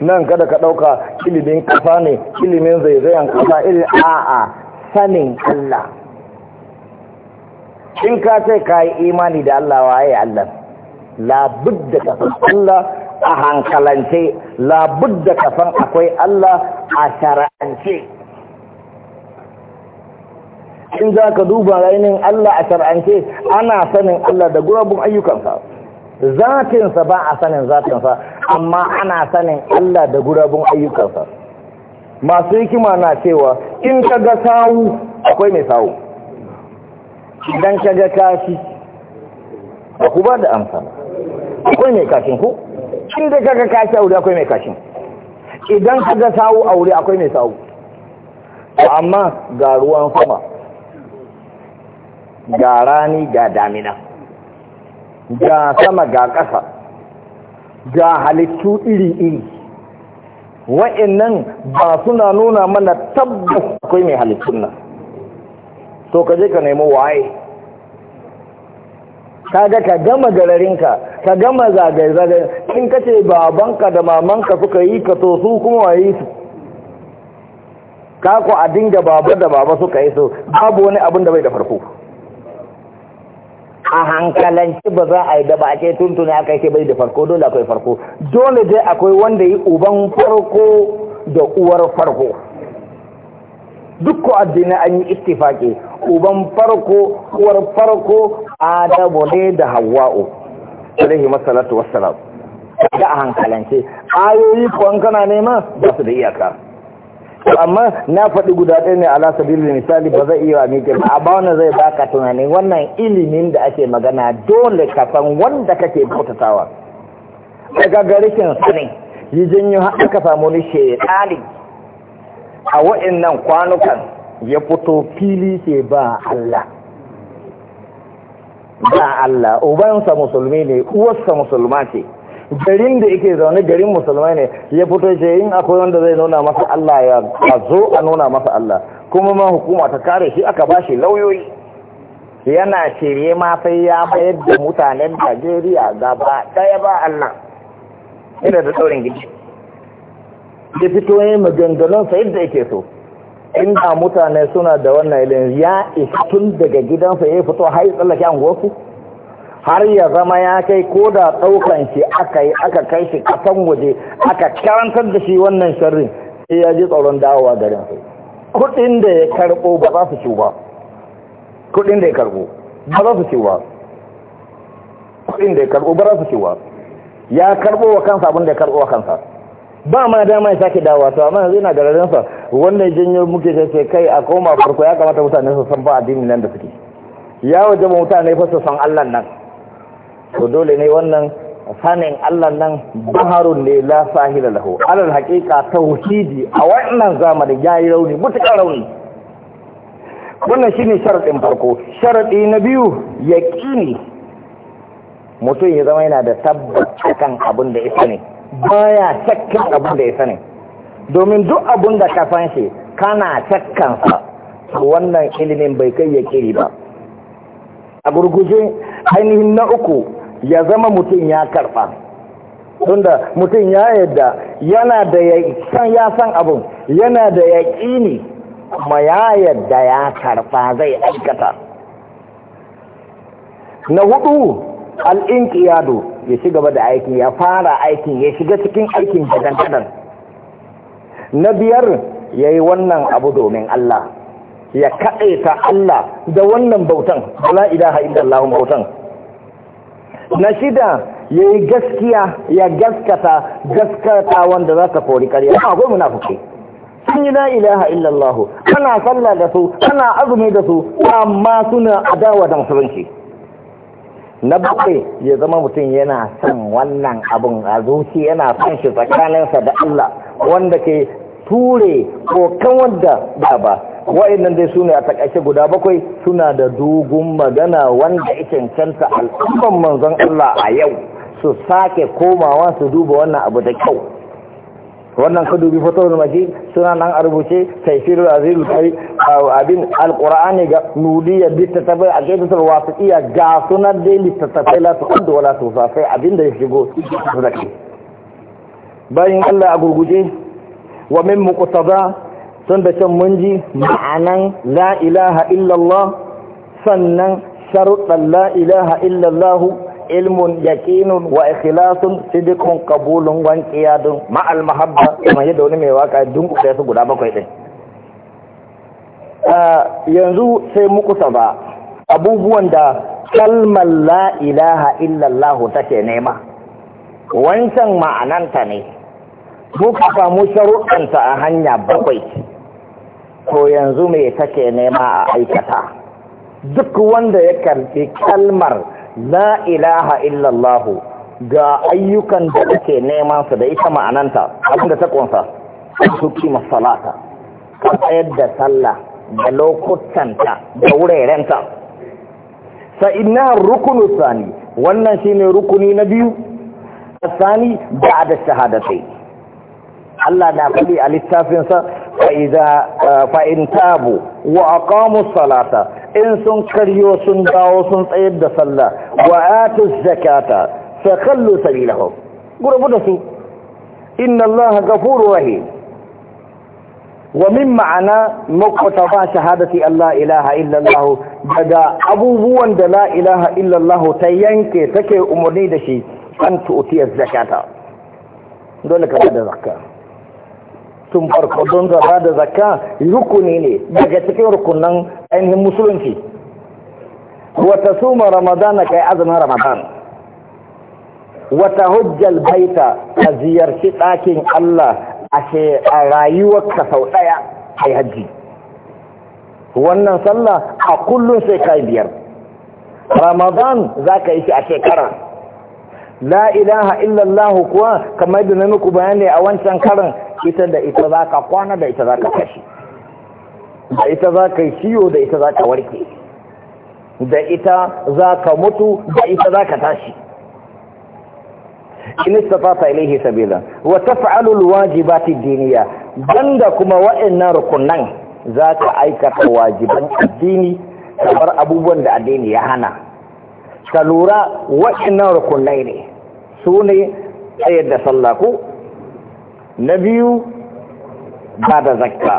A: nan kada ka ɗauka ilimin kafa ne ilimin zaizayen kasa ilimin a'a sanin Allah in ka ce ka yi imani da Allah waye Allah labudda ka san Allah a hankalance labudda ka san akwai Allah a shara'ance in za ka duba rainin Allah a shara'ance ana sanin Allah da gurabun ayyukansa zatinsa ba a sanin zatinsa amma ana sanin Allah da gurabun ayyukansa masu hikima na cewa in ka ga sawu akwai mai sawu idan ka ga kashi ba ku ba da amsa akwai mai kashin ku da ka ga kashi wuri akwai mai kashin idan ka ga sawu wuri akwai mai sawu amma ga ruwan sama ga rani ga damina ga sama ga ƙasa ga halittu iri-iri wa'annan ba suna nuna mana tabbas akwai mai halittun nan to ka je ka nemi waye ga ka gama gararinka ka gama zagaye-zagaye in ka ce babanka da mamanka suka yi ka to su kuma waye su kako a dinga baba da baba suka yi su babu wani abin da bai da farko a hankalanci ba za a yi da ba a ce tuntuni aka yake bai da farko dole akwai farko dole dai akwai wanda yi uban farko da uwar farko duk addini an yi istifaki uban farko uwar farko adamu ne da hawa'u alaihi masalatu wassalam da a hankalance ayoyi ko kana nema ba su da iyaka amma na faɗi guda ɗaya ne ala sabilin misali ba zai iya miƙe ba a wannan zai baka tunani wannan ilimin da ake magana dole ka san wanda kake bautatawa daga garishin sani yi janyo aka samu ni a waɗannan kwanukan ya fito fili ce ba Allah ba Allah ubansa musulmi ne uwarsa musulma ce garin da yake zaune garin musulmai ne ya fito ce yin akwai wanda zai nuna masa Allah ya zo a nuna masa Allah kuma ma hukuma ta kare shi aka bashi lauyoyi yana shirye ma sai ya mayar da mutanen Najeriya gaba daya ba Allah ina da tsaurin gidi ya fito yin maganganunsa yadda yake so inda mutane suna da wannan ilin ya isa tun daga gidansa ya fito har ya tsallake anguwarsu har ya zama ya kai ko da ɗaukan shi aka yi aka kai shi kasan waje aka karantar da shi wannan sharrin sai ya ji tsoron dawowa garin sai kuɗin da ya karɓo ba za su ci ba kuɗin da ya karɓo ba za su ci ba kuɗin da ya karɓo ba za su ci ba ya karɓo wa kansa abin da ya karɓo wa kansa ba ma dama ya sake dawowa to amma yanzu yana gararin sa wannan janyo muke sai kai a koma farko ya kamata mutane su san ba addinin nan da suke ya waje mutane fa su san Allah nan to dole ne wannan sanin Allah nan baharun ne la sahila lahu alal haqiqa tauhidi a wannan zamanin yayi rauni mutakar rauni wannan shine sharadin farko sharadi na biyu yaqini mutum ya zama yana da tabbaci kan abin da ya sani baya shakkan abin da ya sani domin duk abin da ka san shi kana shakkan sa wannan ilimin bai kai yaqini ba a gurguje ainihin na uku ya zama mutum ya karɓa tunda mutum ya yadda yana da ya san abin yana da yaƙini kuma ya yadda ya karɓa zai aikata na hudu al'inƙiyado ya ci gaba da aikin ya fara aikin ya shiga cikin aikin gadantanar na biyar ya yi wannan abu domin Allah ya kaɗe ta Allah da wannan bautan, la ilaha Allahun bautan. na shida ya yi gaskiya ya gaskata gaskata wanda za ta kori karya amma ko munafuki sun yi ilaha illallahu ana sallah da su ana azumi da su amma suna adawa da musulunci na bakwai ya zama mutum yana son wannan abun a zuci yana son shi tsakaninsa da Allah wanda ke ture ko kan wanda ba ba wa'annan dai sune a takaice guda bakwai suna da dugun magana wanda ya cancanta al'umman manzon Allah a yau su sake komawa su duba wannan abu da kyau wannan ka dubi fatawar maji suna nan a rubuce taifirul azizul kai abin alqur'ani ga nudiyar littattafai a gaitatar wasu iya ga sunan dai littattafai la su kudu wala su safai abin da ya shigo su da bayan Allah a gurguje wa min muqtada tun da can mun ji ma'anan la ilaha illallah sannan sharuɗan la ilaha illallah ilmun yaƙinun wa ikhlasun sidikun kabulun wa inqiyadun ma'al mahabba kuma yadda wani mai waka dunku sai su guda bakwai din yanzu sai muku saba abubuwan da kalmar la ilaha illallah take nema wancan ma'ananta ne muka samu sharuɗanta a hanya bakwai to yanzu me take nema a aikata duk wanda ya karfi kalmar la ilaha illallahu ga ayyukan da take neman su da ita ma'ananta abinda ta kunsa su kima salata ka tsayar da sallah da lokutanta da wurarenta sa inna rukunu sani wannan shine rukuni na biyu sani ba da shahadatai Allah na faɗi a littafinsa fa'in eh, tabu wa aqamu salata in sun karyo sun dawo sun tsayar da sallah wa atu zakata fa kallu sabilahum gurbu da su inna allaha ghafurur wa min ma'ana muqtaba shahadati Allah ilaha illa daga abubuwan da la ilaha illa ta yanke take umarni da shi an tu'tiya zakata dole ka da zakka tun farko don zaba da zakka rukuni ne daga cikin rukunan ainihin musulunci wata suma ramadana kai azumin ramadan wata hujjal baita ka ziyarci ɗakin Allah a rayuwarka sau ɗaya a hajji wannan sallah a kullum sai kai biyar ramadan za ka yi shi a shekara la ilaha illallah kuwa kamar da na muku bayani a wancan karin ita da ita za ka kwana da ita za ka tashi da ita za ka yi ciwo da ita za ka warke da ita za ka mutu da ita za ka tashi in istata ilaihi sabila wa taf'alu alwajibati diniya banda kuma wa'annan rukunan za ka aikata wajiban addini kamar abubuwan da addini ya hana ka lura wa'annan rukunai ne su ne tsayar da sallah ko na biyu ba da zakka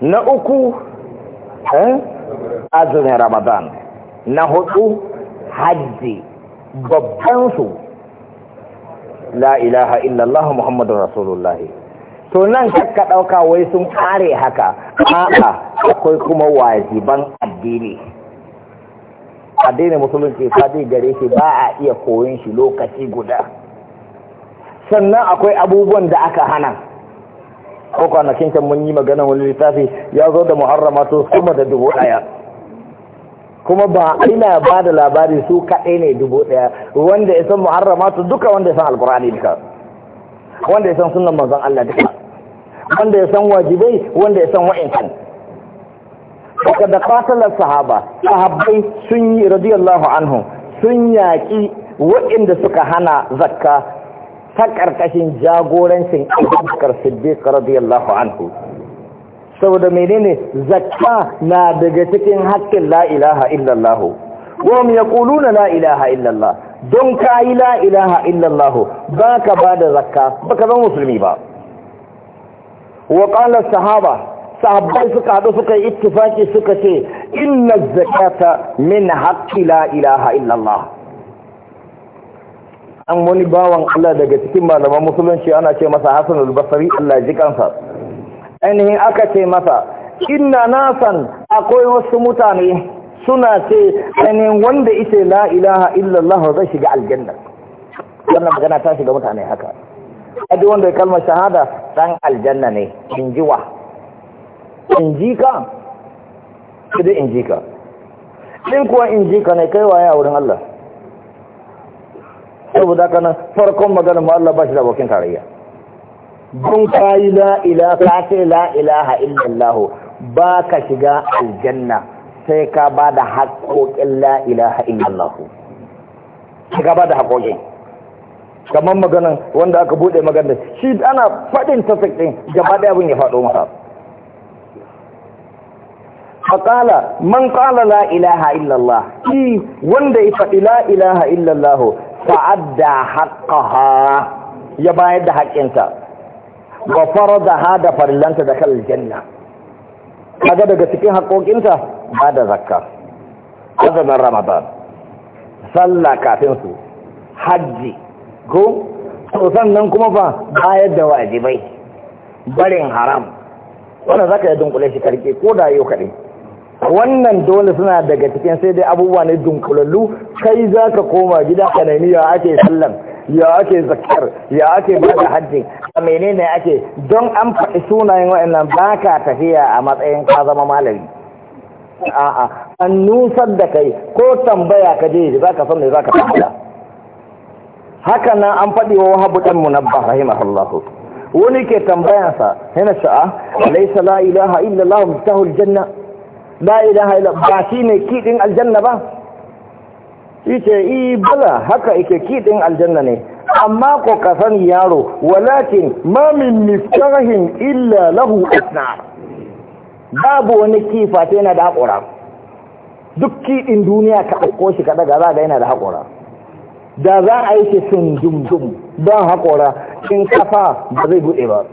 A: na uku eh, azumin ramadan na hudu hajji babbansu la ilaha illallah muhammadun rasulullahi to nan kakka ɗauka wai sun kare haka a'a akwai kuma wajiban addini addinin musulunci sadi gare shi ba a iya koyon shi lokaci guda sannan akwai abubuwan da aka hana ko kwanakin can mun yi magana wani littafi ya zo da muharramatu sama da dubu ɗaya kuma ba ina ba da labari su kaɗai ne dubu ɗaya wanda ya san muharramatu duka wanda ya san alkur'ani duka wanda ya san sunan manzon Allah duka wanda ya san wajibai wanda ya san wa'incan daga da katalar sahaba sahabbai sun yi radiyallahu anhu sun yaƙi wa'inda suka hana zakka ta ƙarƙashin jagorancin abubakar siddiq radiyallahu anhu saboda menene zakka na daga cikin haƙƙin la ilaha illallah wa hum yaquluna la ilaha illallah don kayi yi la ilaha illallah baka bada zakka baka zama musulmi ba wa qala sahaba sahabbai suka haɗu suka yi ittifaki suka ce inna zakata min haqqi la ilaha illallah an wani bawan Allah daga cikin malaman musulunci ana ce masa Hassan al-Basri Allah ji kansa ainihin aka ce masa inna nasan akwai wasu mutane suna ce ainihin wanda ita la ilaha Allah zai shiga aljanna wannan magana ta shiga mutane haka adi wanda ya kalmar shahada dan aljanna ne in ji wa in ji ka sai in ji ka in kuwa in ji ka ne kai ya wurin Allah saboda kana farkon maganar ma Allah ba shi da abokin tarayya don kayi la ilaha ka ce la ilaha illallah ba ka shiga aljanna sai ka ba da la ilaha illallah sai ka ba da kamar wanda aka buɗe maganar shi ana faɗin ta sakin gaba ɗaya abin ya faɗo masa faƙala man ƙala la ilaha illallah shi wanda ya faɗi la ilaha illallah fa'adda haqqaha ya bayar da haƙƙinta wa ha da farillanta da kal janna kaga daga cikin haƙoƙinta ba da zakka azumin ramadan sallah kafin su hajji ko to sannan kuma ba bayar da wajibai barin haram wannan zaka yi dunkule shi karke ko da yau kaɗai wannan dole suna daga cikin sai dai abubuwa ne dunkulallu kai za ka koma gida ka nemi ya ake sallan ya ake zakar ya ake bada hajji a menene ake don an faɗi sunayen wa'annan ba ka tafiya a matsayin ka zama malami a'a an nusar da kai ko tambaya ka je za ka san me za ka tafiya. haka nan an faɗi wa wahabu ɗan munabba rahimahullahu wani ke tambayansa yana sha'a ah, laisa la ilaha illallah mutahul janna la ilaha illa ba shi ne kidin aljanna ba shi ce i bala haka yake kiɗin aljanna ne amma ko ka yaro walakin ma min miftahin illa lahu asnar babu wani kifa ta yana da haƙura duk kiɗin duniya ka ɗauko shi ka daga za yana da haƙura da za a yi shi sun dumdum don haƙura in kafa ba zai buɗe ba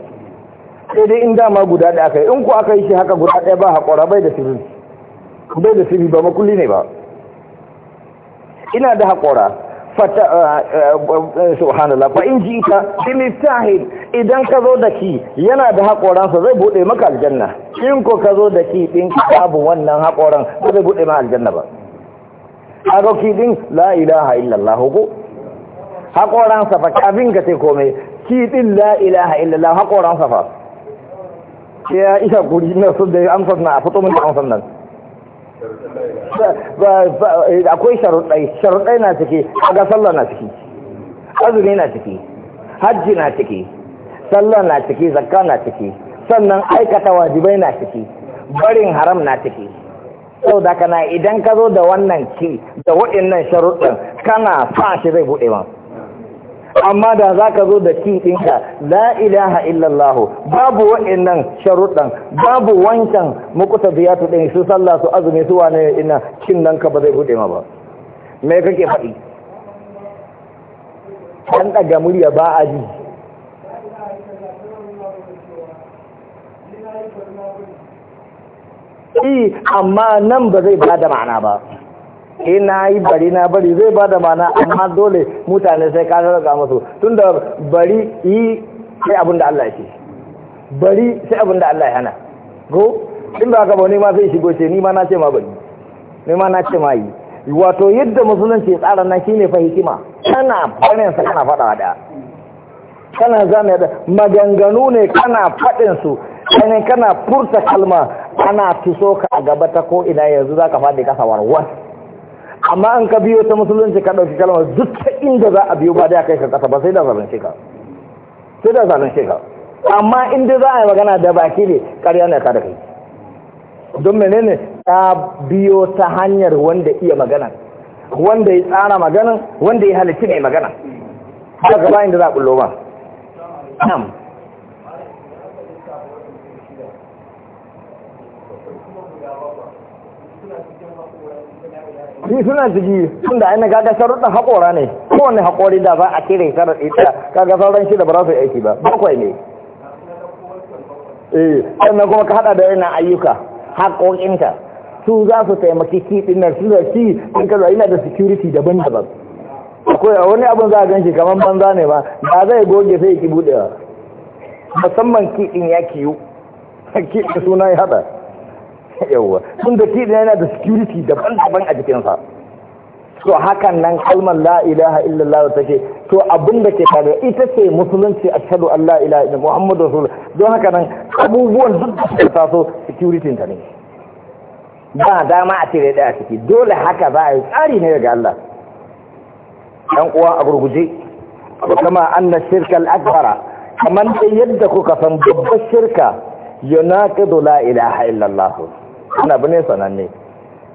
A: sai dai in dama guda ɗaya aka yi in ku aka yi shi haka guda ɗaya ba haƙura bai da sirri bai da sirri ba makulli ne ba ina da haƙora fata eh, eh, subhanallah fa in ji ka bilitahid idan ka zo da ki yana da haƙoransa zai buɗe maka aljanna in ko ka zo da ki ɗin babu wannan haƙoran ba zai buɗe maka aljanna ba a ki din la ilaha illallah ko haƙoransa fa kafin ka ce komai ki din la ilaha illallah haƙoransa fa ya isa guri na su da amsar na a fito mun da amsar nan akwai sharuɗai sharuɗai na ciki aga sallah na ciki azumi na ciki hajji na ciki sallah na ciki zakka na ciki sannan aikata wajibai na ciki barin haram na ciki sau da kana idan ka zo da wannan ki da waɗannan sharuɗin kana sa shi zai buɗe ma amma da za ka zo da kin ɗinka la ilaha illallahu babu wa'annan sharuɗan babu wancan mukuta biyatu ɗin su sallah su azumi su wane ina cin nan ka ba zai buɗe ma ba me kake faɗi an ɗaga murya ba a ji amma nan ba zai ba da ma'ana ba Ina eh, yi bari na bari zai ba da mana amma dole mutane sai ka masu tun da bari yi sai abin da Allah ya bari sai abin da Allah ya hana go in ba ka ba ma sai shigo ce ni ma na ce ma bari ni ma na ce ma yi wato yadda musulunci tsara nan shine fa hikima kana barin sa kana fada da kana zama da maganganu ne kana fadin su kana kana furta kalma ana tuso ka a gaba ta ko ina yanzu zaka fadi kasa wasu amma an ka biyo ta musulunci ka ɗauki kalmar duk ta inda za a biyo ba da kai ka kasa ba sai da zalunce ka sai da zalunce ka amma inda za a yi magana da baki ne ƙarya ne ka da kai don menene ta biyo ta hanyar wanda iya magana wanda ya tsara magana wanda ya halitta mai magana haka ba inda za a bullo ba shi suna jigi tunda aina ga sharuɗin haƙora ne kowane haƙori da za a cire sharaɗi ka kaga sauran shi da ba za aiki ba bakwai ne eh sannan kuma ka haɗa da yana ayyuka haƙoƙinta su za su taimaki kiɗin nan su da shi in ka yana da security daban-daban akwai wani abun za a ganshi kamar banza ne ba ba zai goge sai ki buɗewa musamman kiɗin ya kiyu kiɗin suna ya haɗa yawwa tun da ke yana da security daban-daban a jikinsa to hakan nan kalmar la ilaha illallah take to abinda ke tare ita ce musulunci a shaɗu Allah ilaha illallah muhammadu rasul don haka nan abubuwan duk da suka taso security ta ne ba dama a cire daya ciki dole haka za a yi tsari ne daga Allah ɗan uwa a gurguje kama anna shirka al-akbara kamar yadda kuka san babbar shirka yunaqidu la ilaha illallah ana bane sananne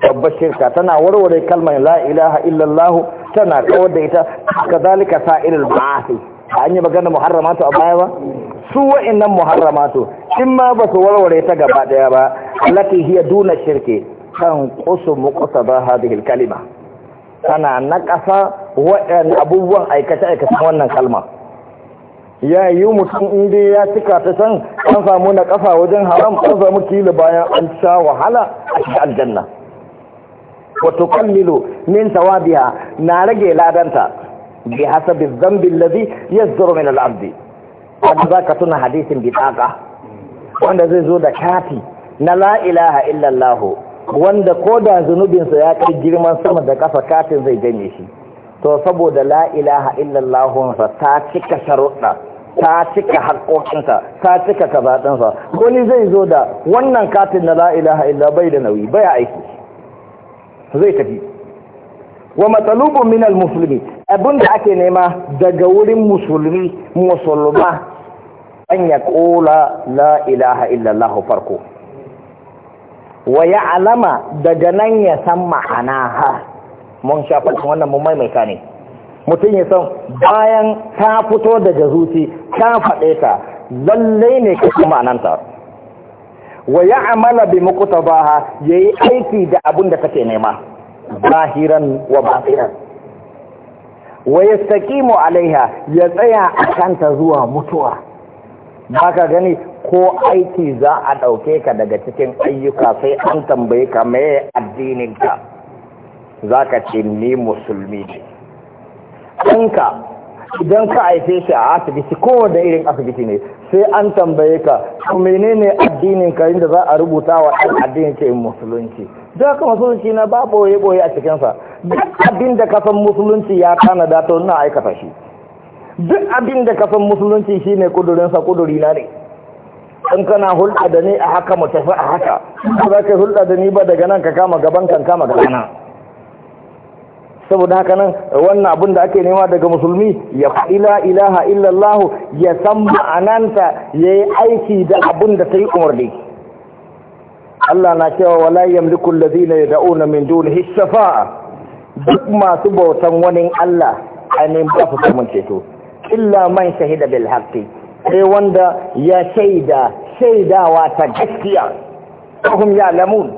A: babbar shirka tana warware kalmar la ilaha illallah tana kawar da ita kazalika sa'irul ba'athi an magana muharramatu a baya ba su wa'annan muharramatu in ma ba su warware ta gaba daya ba allati hiya duna shirki kan qusu muqtada hadhihi kalima tana naƙasa abubuwan aikace aikacen wannan kalma ya yi mutum inda ya cika ta san an samu na kafa wajen haram an samu kila bayan an sha wahala a cikin aljanna wato milo min tawabiha na rage ladanta bi hasabi lazi ya zoro min al'abdi wanda za ka tuna hadisin bitaka wanda zai zo da kati na la ilaha wanda ko wanda koda zunubinsa ya kai girman sama da kafa katin zai ganye shi to saboda la ilaha illallahunsa ta cika sharuɗa ta cika haƙoƙinsa ta cika kazaɗinsa wani zai zo da wannan katin na la ilaha illa bai da nauyi bai aiki zai tafi wa matsalubun minal musulmi abinda ake nema daga wurin musulmi musulma an ya ƙola la ilaha illallahu farko wa ya alama daga nan ya san ma'ana ha mun sha faɗin wannan mun maimaita ne mutum ya san bayan ta fito daga zuci ta faɗe ta lallai ne ka kuma ta wa ya amala bi ya yi aiki da abin da take nema hiran wa bahiran wa mu alaiha ya tsaya a kanta zuwa mutuwa Ba ka gani ko aiki za a ɗauke ka daga cikin ayyuka sai an tambaye ka mai addinin ka za ka ce ne musulmi ne ɗanka idan ka haife shi a asibiti kowane irin asibiti ne sai an tambaye ka menene addinin ka inda za a rubuta wa ɗan addinin ce musulunci da ka musulunci na ba boye boye a cikinsa duk abin da ka san musulunci ya da to na aikata shi duk abin da ka san musulunci shine kudurinsa kudurina ne in kana hulɗa da ni a haka mu tafi a haka ba za ka hulɗa da ni ba daga nan ka kama gaban kan kama gabana saboda haka nan wannan abin da ake nema daga musulmi ya ila ilaha illallah ya san ma'ananta ya yi aiki da abin da ta yi umarni Allah na cewa wala yamliku allazina yad'una min dunihi shafa'a duk masu bautan wani Allah ainihin ba su samun ceto illa man shahida bil haqqi sai wanda ya shaida shaidawa ta gaskiya ya lamun.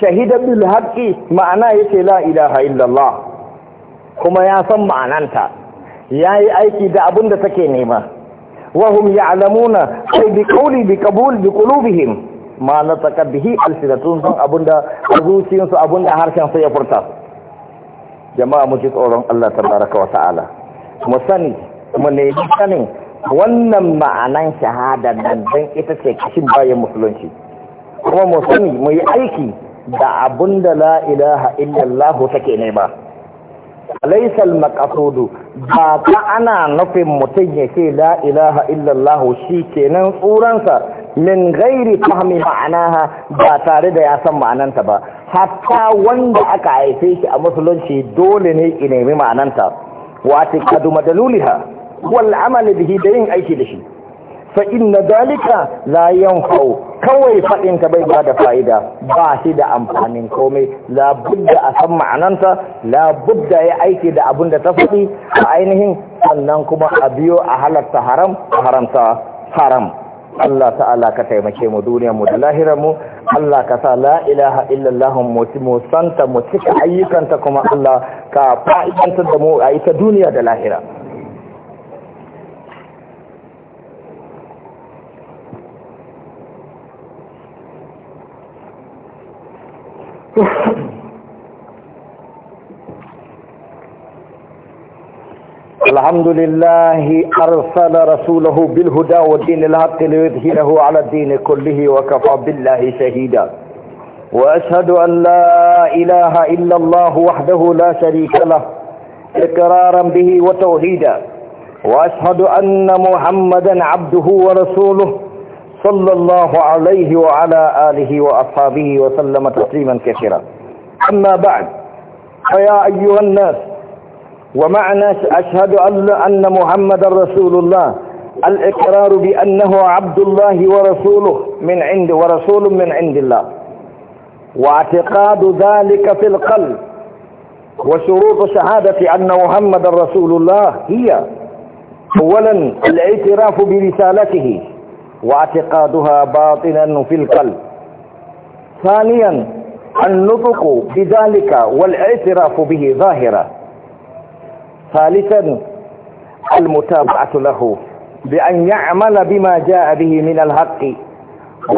A: shahida bil haqqi ma'ana yace la ilaha illallah kuma ya san ma'ananta yayi aiki da abin da take nema wa hum ya'lamuna ay bi qawli bi qabul bi qulubihim ma nataka bihi alsinatun sun abunda zuciyarsu abunda harshen sai ya furta jama'a mu ji tsoron Allah tabaraka wa ta'ala mu sani mu ne sanin wannan ma'anan shahada nan dan ita ce kashin bayan musulunci kuma mu sani mu yi aiki da abun da la ilaha illallahu take ne ba alaisal maqasudu ba ka ana nufin mutum ya ce la ilaha illallahu shi kenan tsuransa min gairi fahmi ma'anaha ba tare da ya san ma'ananta ba hatta wanda aka haife shi a musulunci dole ne ya nemi ma'ananta wa ta kadu madaluliha wal amali bihi da yin aiki da shi fa inna dalika la yanfa'u kawai fadin ta bai bada fa'ida ba shi da amfanin komai la budda a san ma'ananta la budda ya aiki da abin da ta faɗi a ainihin sannan kuma a biyo a halarta haram haramta haram Allah ta'ala ka taimake mu duniyar mu da lahirar mu Allah ka sa la ilaha illallah mu santa mu cika ayyukanta kuma Allah ka fa'idantar da mu a ita duniya da lahira الحمد لله أرسل رسوله بالهدى والدين الحق ليظهره على الدين كله وكفى بالله شهيدا وأشهد أن لا إله إلا الله وحده لا شريك له إقرارا به وتوحيدا وأشهد أن محمدا عبده ورسوله صلى الله عليه وعلى آله وأصحابه وسلم تسليما كثيرا أما بعد فيا أيها الناس ومعنى أشهد أن محمد رسول الله الإقرار بأنه عبد الله ورسوله من عند ورسول من عند الله واعتقاد ذلك في القلب وشروط شهادة أن محمد رسول الله هي أولا الاعتراف برسالته واعتقادها باطنا في القلب ثانيا النطق بذلك والاعتراف به ظاهرا ثالثا المتابعة له بأن يعمل بما جاء به من الحق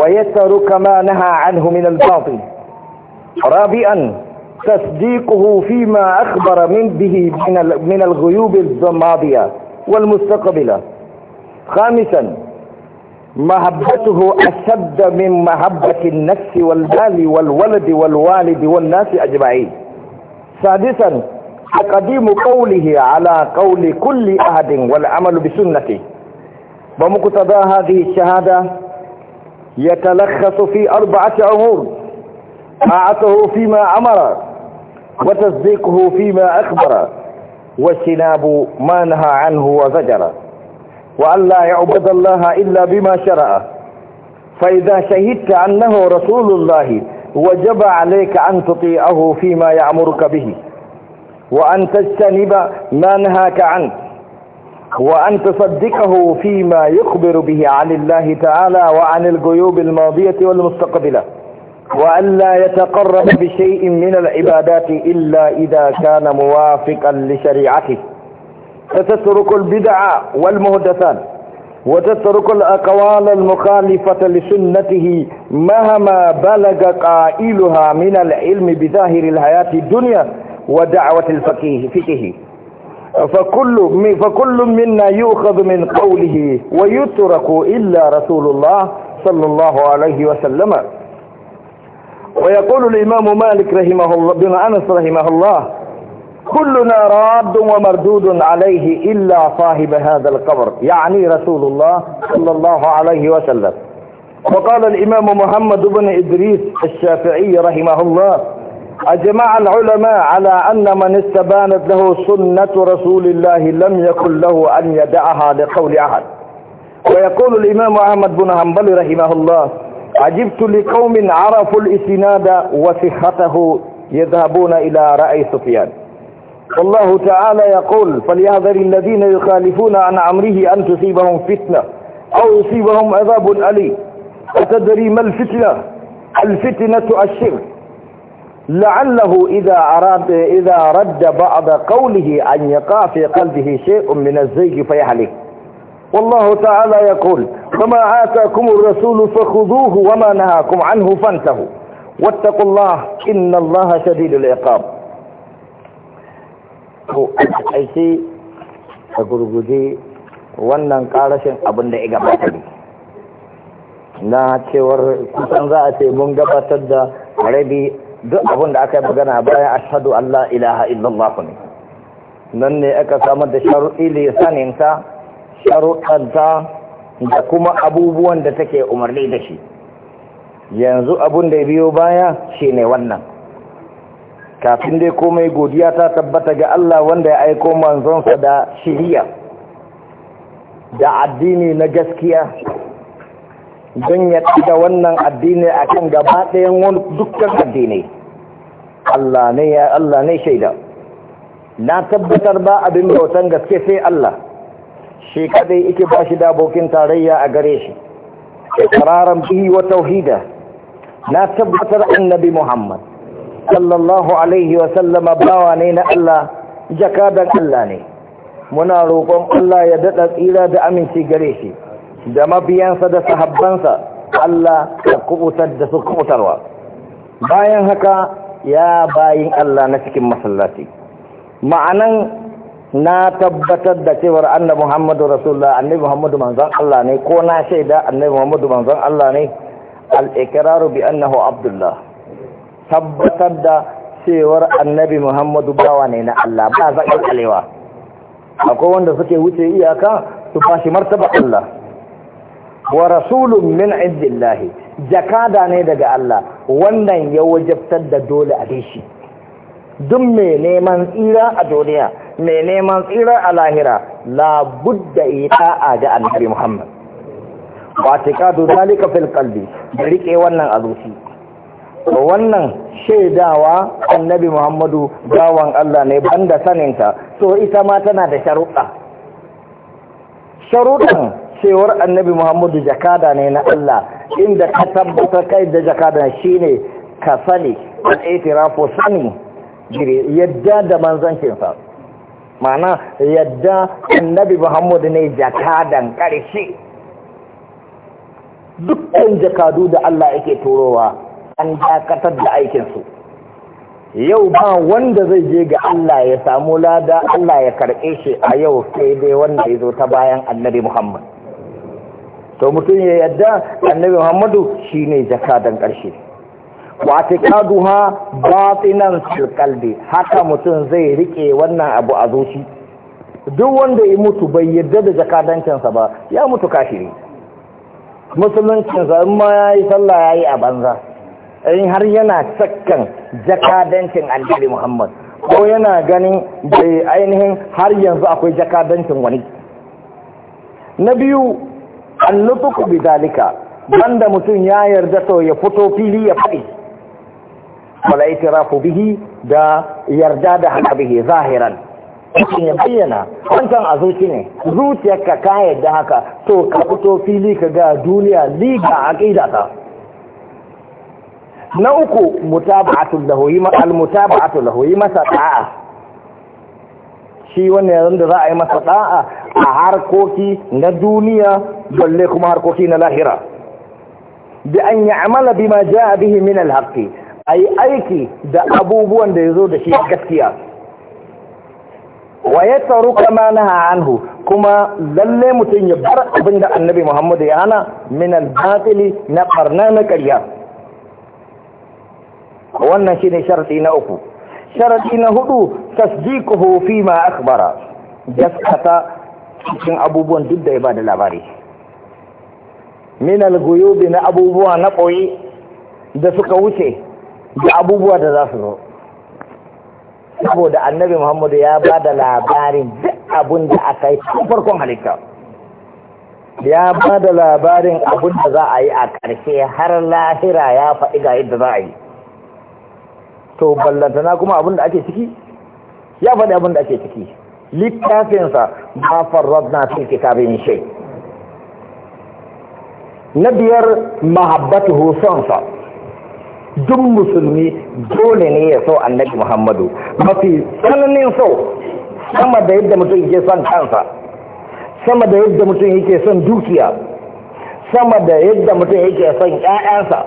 A: ويترك ما نهى عنه من الباطل رابعا تصديقه فيما أخبر من به من الغيوب الماضية والمستقبلة خامسا محبته أشد من محبة النفس والمال والولد والوالد والناس أجمعين سادسا تقديم قوله على قول كل أحد والعمل بسنته ومقتضى هذه الشهادة يتلخص في أربعة أمور طاعته فيما أمر وتصديقه فيما أخبر واجتناب ما نهى عنه وزجر وأن لا يعبد الله إلا بما شرع فإذا شهدت أنه رسول الله وجب عليك أن تطيعه فيما يأمرك به وأن تجتنب ما نهاك عنه وأن تصدقه فيما يخبر به عن الله تعالى وعن الغيوب الماضية والمستقبلة وأن لا يتقرب بشيء من العبادات إلا إذا كان موافقا لشريعته فتترك البدع والمهدثات وتترك الأقوال المخالفة لسنته مهما بلغ قائلها من العلم بظاهر الحياة الدنيا ودعوة الفقيه فقه فكل فكل منا يؤخذ من قوله ويترك إلا رسول الله صلى الله عليه وسلم ويقول الإمام مالك رحمه الله بن أنس رحمه الله كلنا راد ومردود عليه إلا صاحب هذا القبر يعني رسول الله صلى الله عليه وسلم وقال الإمام محمد بن إدريس الشافعي رحمه الله أجمع العلماء على أن من استبانت له سنة رسول الله لم يكن له أن يدعها لقول أحد ويقول الإمام أحمد بن حنبل رحمه الله عجبت لقوم عرفوا الإسناد وصحته يذهبون إلى رأي سفيان والله تعالى يقول فليعذر الذين يخالفون عن عمره أن تصيبهم فتنة أو يصيبهم عذاب أليم أتدري ما الفتنة الفتنة الشرك لعله إذا أراد إذا رد بعض قوله أن يقع في قلبه شيء من الزيج فيحلك والله تعالى يقول فما آتاكم الرسول فخذوه وما نهاكم عنه فانتهوا واتقوا الله إن الله شديد العقاب to a takaice a gurguje wannan karashin abin da ya gabata ne na cewar kusan za a ce mun gabatar da rabi duk abin da aka yi magana bayan ashadu Allah ilaha illallah ne nan ne aka samar da sharuɗi lisaninta sharuɗanta da kuma abubuwan da take umarni da shi yanzu abin da ya biyo baya shine wannan kafin dai komai godiya ta tabbata ga Allah wanda ya aiko manzonsa da shiriya da addini na gaskiya don ya da wannan addini akan gaba ɗayan wani dukkan addini Allah ne ya Allah ne shaida na tabbatar ba abin bautan gaske sai Allah shi kadai ike ba shi da abokin tarayya a gare shi ikraran biyu wa tauhida na tabbatar annabi Muhammad sallallahu alaihi wasallama bawa ne na Allah jakadan Allah ne muna roƙon Allah ya daɗa tsira da aminci gare shi da mabiyansa da sahabbansa Allah ya kubutar da su kubutarwa bayan haka ya bayin Allah na cikin masallaci ma'anan na tabbatar da cewar annabi Muhammadu Rasulullah annabi Muhammadu manzon Allah ne ko na shaida annabi Muhammadu manzon Allah ne al-iqraru bi annahu Abdullah tabbatar da cewar annabi muhammadu bawa ne na Allah ba za a kalewa akwai wanda suke wuce iyaka su fashi martaba Allah wa rasulun min indillahi jakada ne daga Allah wannan ya wajabtar da dole a shi duk mai neman tsira a duniya mai neman tsira a lahira labudda ita'a ga annabi muhammad wa tiqadu zalika fil qalbi da rike wannan a zuci wannan shaidawa annabi muhammadu bawan Allah ne banda saninta to ita ma tana da sharuɗa sharuɗan cewar annabi muhammadu jakada ne na Allah inda ka tabbata kai da jakadan shine ka sani al'itirafu sani yadda da manzancinsa ma'ana yadda annabi muhammadu ne jakadan ƙarshe dukkan jakadu da Allah yake turowa an dakatar da aikinsu yau ba wanda zai je ga Allah ya samu lada Allah ya karɓe shi a yau sai dai wanda ya zo ta bayan annabi Muhammad to mutum ya yadda annabi Muhammadu shine ne jakadan ƙarshe wa taqaduha batinan fil qalbi haka mutum zai rike wannan abu a zuci duk wanda ya mutu bai yadda da jakadancinsa ba ya mutu kafiri musuluncinsa in ma ya yi sallah ya yi a banza in har yana sakkan jakadancin annabi Muhammad ko yana ganin bai ainihin har yanzu akwai jakadancin wani na biyu annutuku bidalika wanda mutum ya yarda to ya fito fili ya faɗi wala rafu bihi da yarda da haka bihi zahiran cikin ya bayyana wancan a zuci ne zuciyarka ka yarda haka to ka fito fili ka ga duniya liga a ƙidata na uku mutaba'atu lahu yi al-mutaba'atu lahu yi masa ta'a shi wannan yanzu da za a yi masa a harkoki na duniya balle kuma harkoki na lahira bi an ya'mala bima ja'a bihi min al-haqqi ay aiki da abubuwan da yazo da shi gaskiya wa yataruka ma naha anhu kuma lalle mutun ya bar abinda annabi Muhammad ya hana min al-batili na barna na karya wannan shine sharadi na uku sharadi na hudu tasdiquhu fi ma akhbara gaskata cikin abubuwan duk da ya bada labari min al-ghuyub na abubuwa na koyi da suka wuce da abubuwa da za su zo saboda annabi Muhammadu ya bada labarin duk abun da aka yi farkon halitta ya ba da labarin abin da za a yi a ƙarshe har lahira ya faɗi ga yadda za a yi to ballantana kuma abin da ake ciki ya faɗi abin da ake ciki littafinsa ba na fi kitabin shai na biyar mahabbatu sonsa duk musulmi dole ne ya so annabi muhammadu mafi tsananin so sama da yadda mutum yake son kansa sama da yadda mutum yake son dukiya sama da yadda mutum yake son 'ya'yansa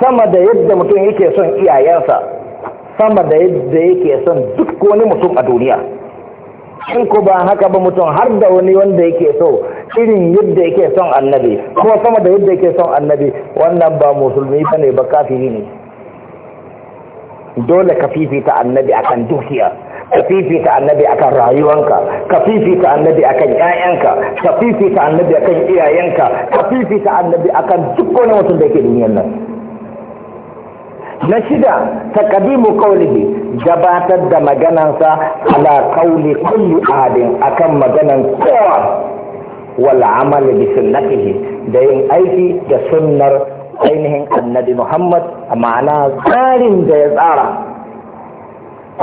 A: sama da yadda mutum yake son iyayensa sama da yadda yake son duk wani mutum a duniya in ko ba haka ba mutum har da wani wanda yake so irin yadda yake son annabi ko sama da yadda yake son annabi wannan ba musulmi ba ne ba kafiri ne dole ka fifita annabi akan dukiya ka fifita annabi akan rayuwanka ka fifita annabi akan ƴaƴanka ka fifita annabi akan iyayenka ka fifita annabi akan duk wani mutum da yake duniyar nan na shida kadimu qawlihi gabatar da maganansa ala qawli kulli ahadin akan maganan kowa wal amal bi sunnatihi da yin aiki da sunnar ainihin annabi Muhammad a ma'ana tsarin da ya tsara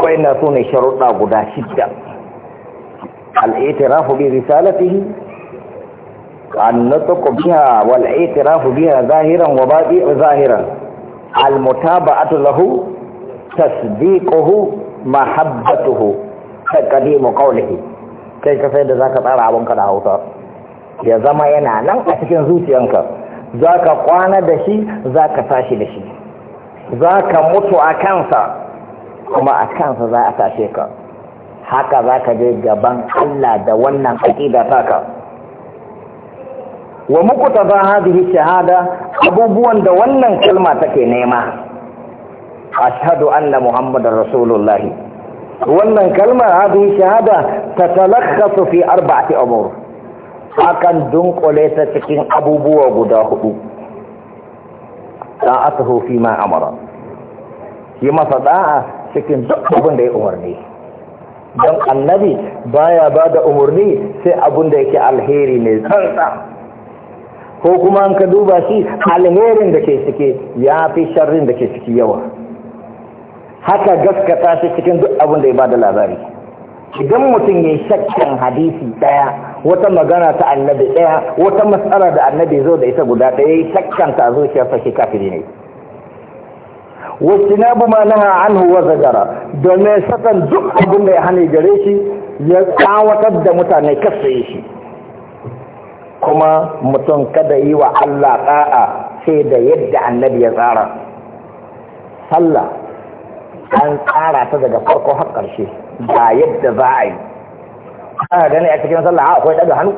A: waina su sharuɗa guda shida al-i'tirafu bi risalatihi an biha wal i'tirafu biha zahiran wa zahiran almutaba'atu lahu tasdiquhu mahabbatuhu taqdimu qawlihi kai ka sai da zaka tsara abun ka da Hausa ya zama yana nan a cikin zuciyanka zaka kwana da shi zaka tashi da shi zaka mutu a kansa kuma a kansa za a tashe ka haka zaka je gaban Allah da wannan aqida taka wa muqtada hadhihi shahada abubuwan da wannan kalma take nema ashhadu anna muhammadar rasulullahi wannan kalmar hadhihi shahada tatalakhasu fi arba'ati umur akan dunkule ta cikin abubuwa guda hudu da'atuhu fi ma amara yi masa da'a cikin duk abin da ya umarni don annabi baya ba da umarni sai abin da yake alheri ne tsantsa ko kuma an ka duba shi alherin da ke cike ya fi sharrin da ke ciki yawa haka gaskata shi cikin duk abin da ya bada labari idan mutum ya shakkan hadisi daya wata magana ta annabi daya wata matsala da annabi zo da ita guda daya ya shakkan ta zo shi kafiri ne wasu na ma naha anhu wa zagara domin sakan duk abin da ya hane gare shi ya tsawatar da mutane kasa shi kuma mutum kada yi wa Allah ɗa'a sai da yadda annabi ya tsara sallah an tsara ta daga farko har ƙarshe ba yadda za a yi ana gani a cikin sallah ah, akwai ɗaga hannu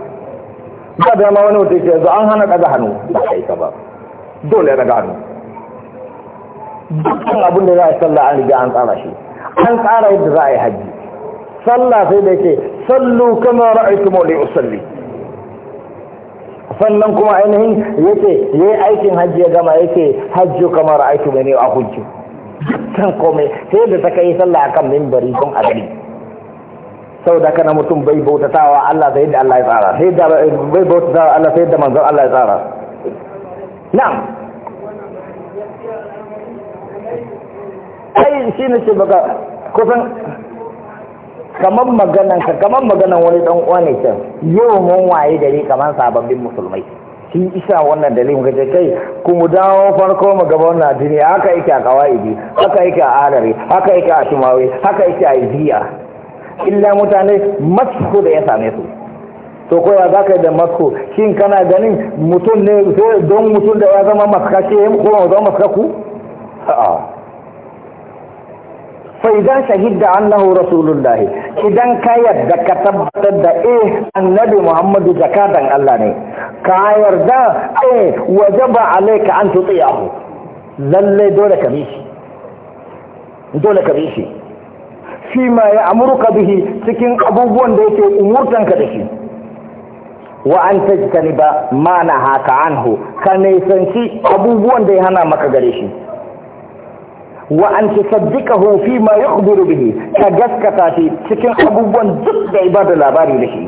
A: ba da ma wani wata ke zo an hana ɗaga hannu ba a yi ba dole ya ɗaga hannu dukkan abin da za a yi sallah an riga an tsara shi an tsara yadda za a yi hajji sallah sai da yake sallu kama ra'aytu wani usalli sannan kuma ainihin yace yayi aikin hajji ya gama yace hajju kamar aitu bane a hujju kan komai sai da ta kai sallah akan mimbari don a gani saboda kana mutum bai bautatawa Allah sai da Allah ya tsara sai da bai bautatawa Allah sai da manzon Allah ya tsara na'am ai shi ne ce baka kusan kamar maganan ka kamar maganan wani dan uwa ne can yau mun waye gari kamar sababbin musulmai shi isa wannan dalilin kace kai ku mu dawo farko mu gaba wannan addini haka yake a kawaidi haka yake a alare haka yake a shimawe haka yake a ibiya illa mutane masu da ya same su to ko ya zaka da masku shin kana ganin mutum ne don mutum da ya zama maskashe ko zama maskaku a'a fa idan shahidda annahu rasulullah idan ka yadda ka tabbatar da eh annabi muhammadu zakatan Allah ne ka yarda eh wajaba alayka an tuti'ahu lalle dole ka bi shi dole ka shi fi ma ya amurka bihi cikin abubuwan da yake umurtanka da shi wa an tajtaniba ma haka anhu ka nisanci abubuwan da ya hana maka gare shi wa an tusaddiqahu fi ma yukhbiru bihi ka gaskata shi cikin abubuwan duk da ibada labari da shi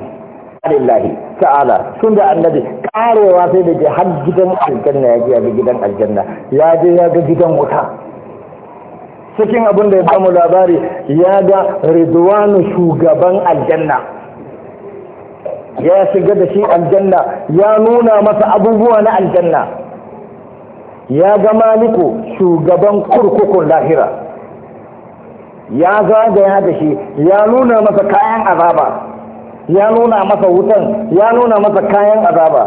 A: alillahi ta'ala sun da annabi karewa sai da je har gidan aljanna ya je ya ga gidan aljanna ya je ya ga gidan wuta cikin abin da ya bamu labari ya ga ridwanu shugaban aljanna ya shiga da shi aljanna ya nuna masa abubuwa na aljanna ya ga maliku shugaban kurkukun lahira ya zagaya da shi ya nuna masa kayan azaba ya nuna masa wutan ya nuna masa kayan azaba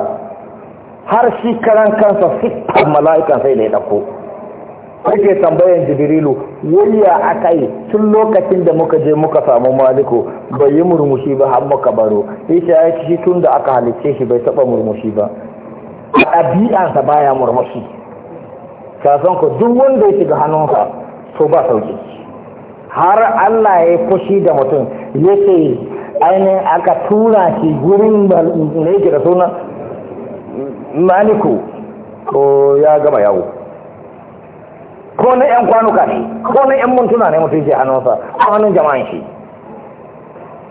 A: har shi karan kansa siffar mala'ikan sai da ya ɗauko kuke tambayan jibrilu wuya aka yi tun lokacin da muka je muka samu maliku bai yi murmushi ba har muka baro isa ya shi tun da aka halicce shi bai taɓa murmushi ba a ɗabi'ansa baya murmushi san ku duk wanda ya shiga hannunsa to ba sauki har Allah ya fushi da mutum ya ce ainihin aka tura shi gurin ne yake da suna maliku ko ya gama yawo ko na yan kwanuka ne ko na yan mintuna ne mutum ke hannunsa ko hannun jama'an shi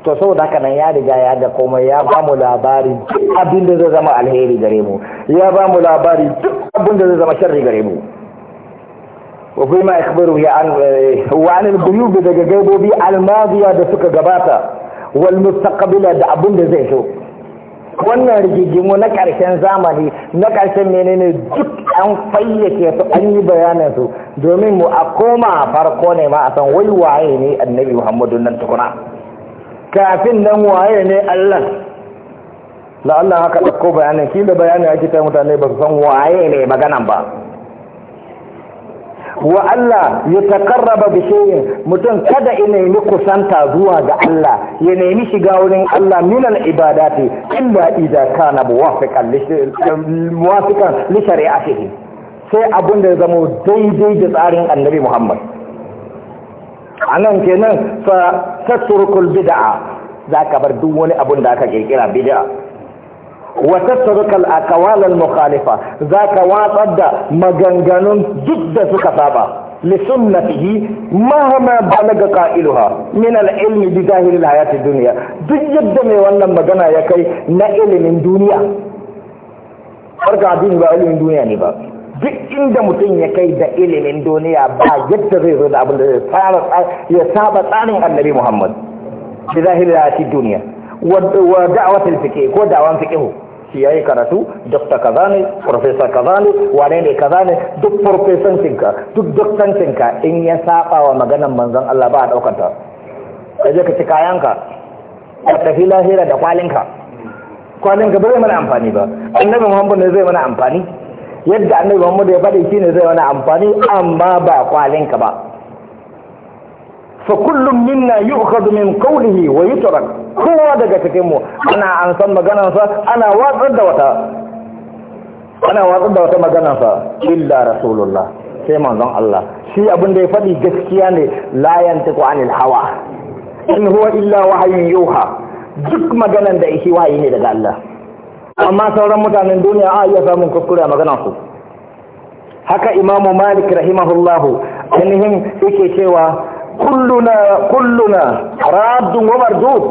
A: to saboda haka nan ya riga ya ga komai ya ba mu labari abin da zai zama alheri gare mu ya ba mu labari duk abin da zai zama sharri gare mu وفيما يخبره عن وعن الغيوب daga gaibobi almaziya da suka gabata wal mustaqbila da abin da zai so wannan rigigimu na ƙarshen zamani na ƙarshen menene duk an fayyace su an yi bayanin su domin mu a koma farko ne ma a san wai waye ne annabi muhammadu nan tukuna kafin nan waye ne allah la allah haka ɗauko bayanin kila bayanin ake ta mutane ba su san waye ne maganan ba wa Allah ya takarraba da shayin mutum kada ya nemi kusanta zuwa ga Allah ya nemi shiga wurin Allah minal ibadati illa idza kana muwafiqan li shari'atihi sai abin da ya zama daidai da tsarin annabi Muhammad anan kenan fa tasrukul bid'a zaka bar duk wani abun da aka kirkira bid'a وتترك الأقوال المخالفة ذاك واتد مجنجن ضد كتابة لسنته مهما بلغ قائلها من العلم بظاهر الحياة الدنيا ضد ما وانا مجنى يكي نئل من دنيا فرق عدين بأول من دنيا نبا duk inda mutum ya kai da ilimin duniya ba yadda zai zo da abin da ya saba tsarin annabi Muhammad bi zahiri da duniya wa da'awatul fiqh shi yi karatu dokta kaza ne profesa kaza ne wane ne kaza ne duk profesancinka duk doktancinka in ya saba wa maganan manzan Allah ba a daukanta ka je ka ci kayanka ka tafi lahira da kwalinka kwalinka bai mana amfani ba annabi Muhammad ne zai mana amfani yadda annabi Muhammad ya faɗi shine zai mana amfani amma ba kwalinka ba fa kullum minna yu'khadhu min qawlihi wa kowa daga cikin mu ana an san maganarsa ana watsar da wata ana watsar da wata maganarsa illa rasulullah sai manzon Allah shi abin da ya faɗi gaskiya ne la yantiqu anil hawa in huwa illa wahyun yuha duk maganan da yake wahayi ne daga Allah amma sauran mutanen duniya a iya samun kuskure a maganarsu haka imamu malik rahimahullahu ainihin yake cewa kulluna kulluna raddun wa mardud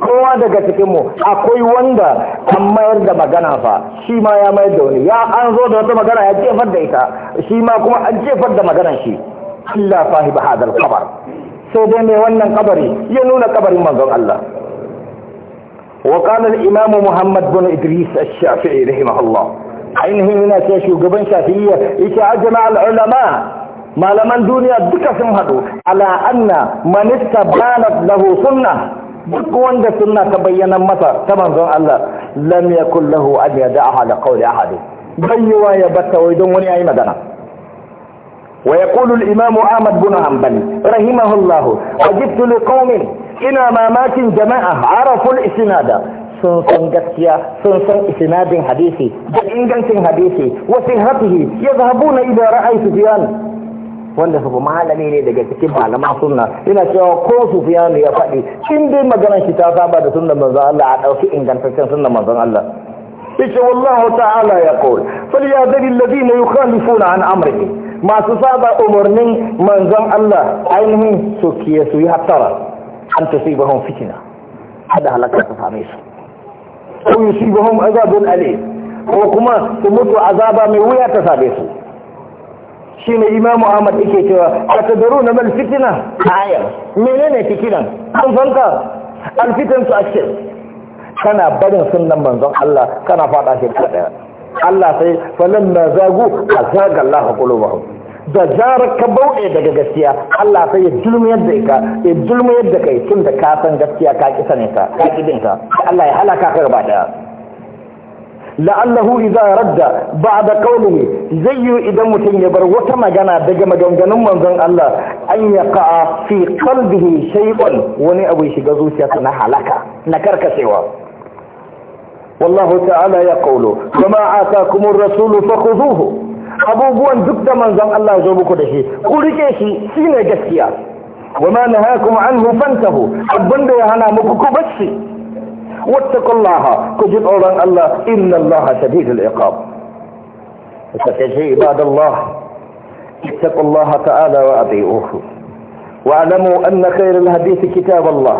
A: kowa daga cikinmu akwai wanda an mayar da magana fa shi ma ya mayar da wani ya an zo da wata magana ya jefar da ita shi ma kuma an jefar da maganar shi illa sahib hadal kabar sai dai mai wannan kabari ya nuna kabarin manzon Allah وقال الإمام محمد بن idris الشافعي رحمه الله ainihin yana ce shugaban shafi'iyya yake ajma al ulama malaman duniya duka sun haɗu ala anna man istabanat lahu sunna duk wanda sunna ta bayyana masa ta manzon Allah lam yakul lahu an yada'aha ala qawli ahad bayyawa ya batta wai don wani yayi magana wa yaqulu al imam Ahmad bin Hanbal rahimahullah ajibtu li qaumin ina mamakin jama'a arafu al isnada sun san gaskiya sun san isnadin hadisi da ingancin hadisi wa sihhatihi yadhhabuna ila ra'ayi sufyan wanda su malami ne daga cikin malama sunna ina cewa ko sufiyanu ya faɗi in dai maganar shi ta saba da sunnan manzon Allah a ɗauki ingantaccen sunnan manzon Allah yace wallahu ta'ala ya qul falyadhil alladhina yukhalifuna an amrihi masu saba umarnin manzon Allah ainihin su kiyaye su yi hatara an tusibahum fitna hada halaka ta same su ko yusibahum azabun alim ko kuma su mutu azaba mai wuya ta same su shi ne imamu ahmad yake cewa a tadaru na malfitina fitina ayar menene fitinan An fanka alfitan su ake kana barin sunan manzon Allah kana fada shi da daya Allah sai falan na zagu a azaga Allah qulubahum da zarar ka bauɗe daga gaskiya Allah sai ya dulmi yadda ka ya dulmi yadda kai tun da ka san gaskiya ka ki ne ka ka ki Allah ya halaka ka gaba daya la'allahu idza radda ba'da qawlihi zai yi idan mutum ya bar wata magana daga maganganun manzon Allah an yaqa fi qalbihi shay'un wani abu shiga zuciyarsa na halaka na karkacewa wallahu ta'ala ya qawlu kama kuma rasulu fakhuduhu abubuwan duk da manzon Allah ya zo muku da shi ku rike shi shine gaskiya wama nahakum anhu fantahu abinda ya hana muku ku bacci واتقوا الله كجد أولاً الله إن الله شديد العقاب فتجي عباد الله اتقوا الله تعالى وأطيعوه واعلموا أن خير الحديث كتاب الله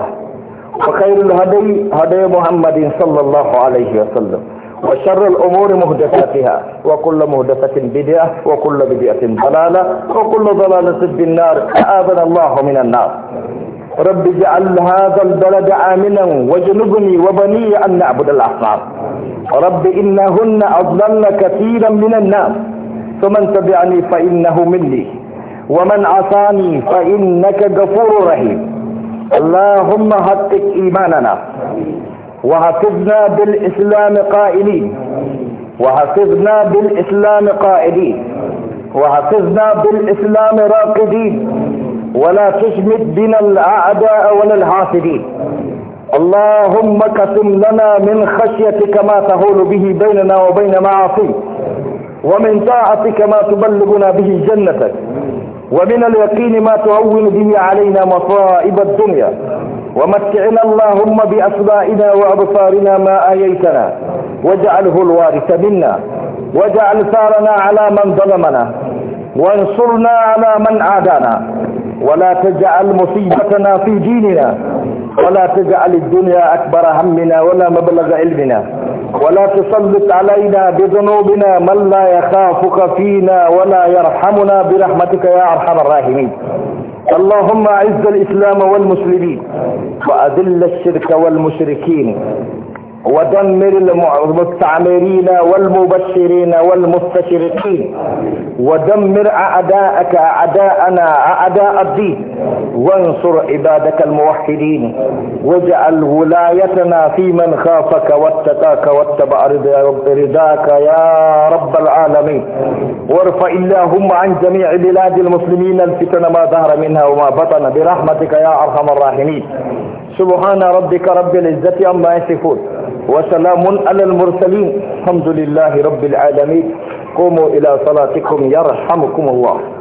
A: وخير الهدي هدي محمد صلى الله عليه وسلم وشر الأمور مهدفاتها وكل مهدفة بدعة وكل بدعة ضلالة وكل ضلالة بالنار أعاذنا الله من النار رب اجعل هذا البلد آمنا واجنبني وبني أن نعبد الأصنام رب إنهن أضللن كثيرا من الناس فمن تبعني فإنه مني ومن عصاني فإنك غفور رحيم اللهم حقق إيماننا وحفظنا بالإسلام قائلين وحفظنا بالإسلام قائلين وحفظنا بالإسلام راقدين ولا تشمت بنا الأعداء ولا الحاسدين اللهم كتم لنا من خشيتك ما تهول به بيننا وبين معاصيك ومن طاعتك ما تبلغنا به جنتك ومن اليقين ما تهون به علينا مصائب الدنيا ومتعنا اللهم بأسمائنا وأبصارنا ما آييتنا واجعله الوارث منا واجعل ثارنا على من ظلمنا وانصرنا على من عادانا ولا تجعل مصيبتنا في ديننا ولا تجعل الدنيا أكبر همنا ولا مبلغ علمنا ولا تسلط علينا بذنوبنا من لا يخافك فينا ولا يرحمنا برحمتك يا أرحم الراحمين اللهم أعز الإسلام والمسلمين وأذل الشرك والمشركين ودمر المستعمرين والمبشرين والمستشرقين ودمر أعداءك أعداءنا أعداء الدين وانصر عبادك الموحدين واجعل ولايتنا في من خافك واتقاك واتبع رضاك يا رب العالمين وارفع اللهم عن جميع بلاد المسلمين الفتن ما ظهر منها وما بطن برحمتك يا أرحم الراحمين سبحان ربك رب العزة عما يصفون وسلام على المرسلين الحمد لله رب العالمين قوموا إلى صلاتكم يرحمكم الله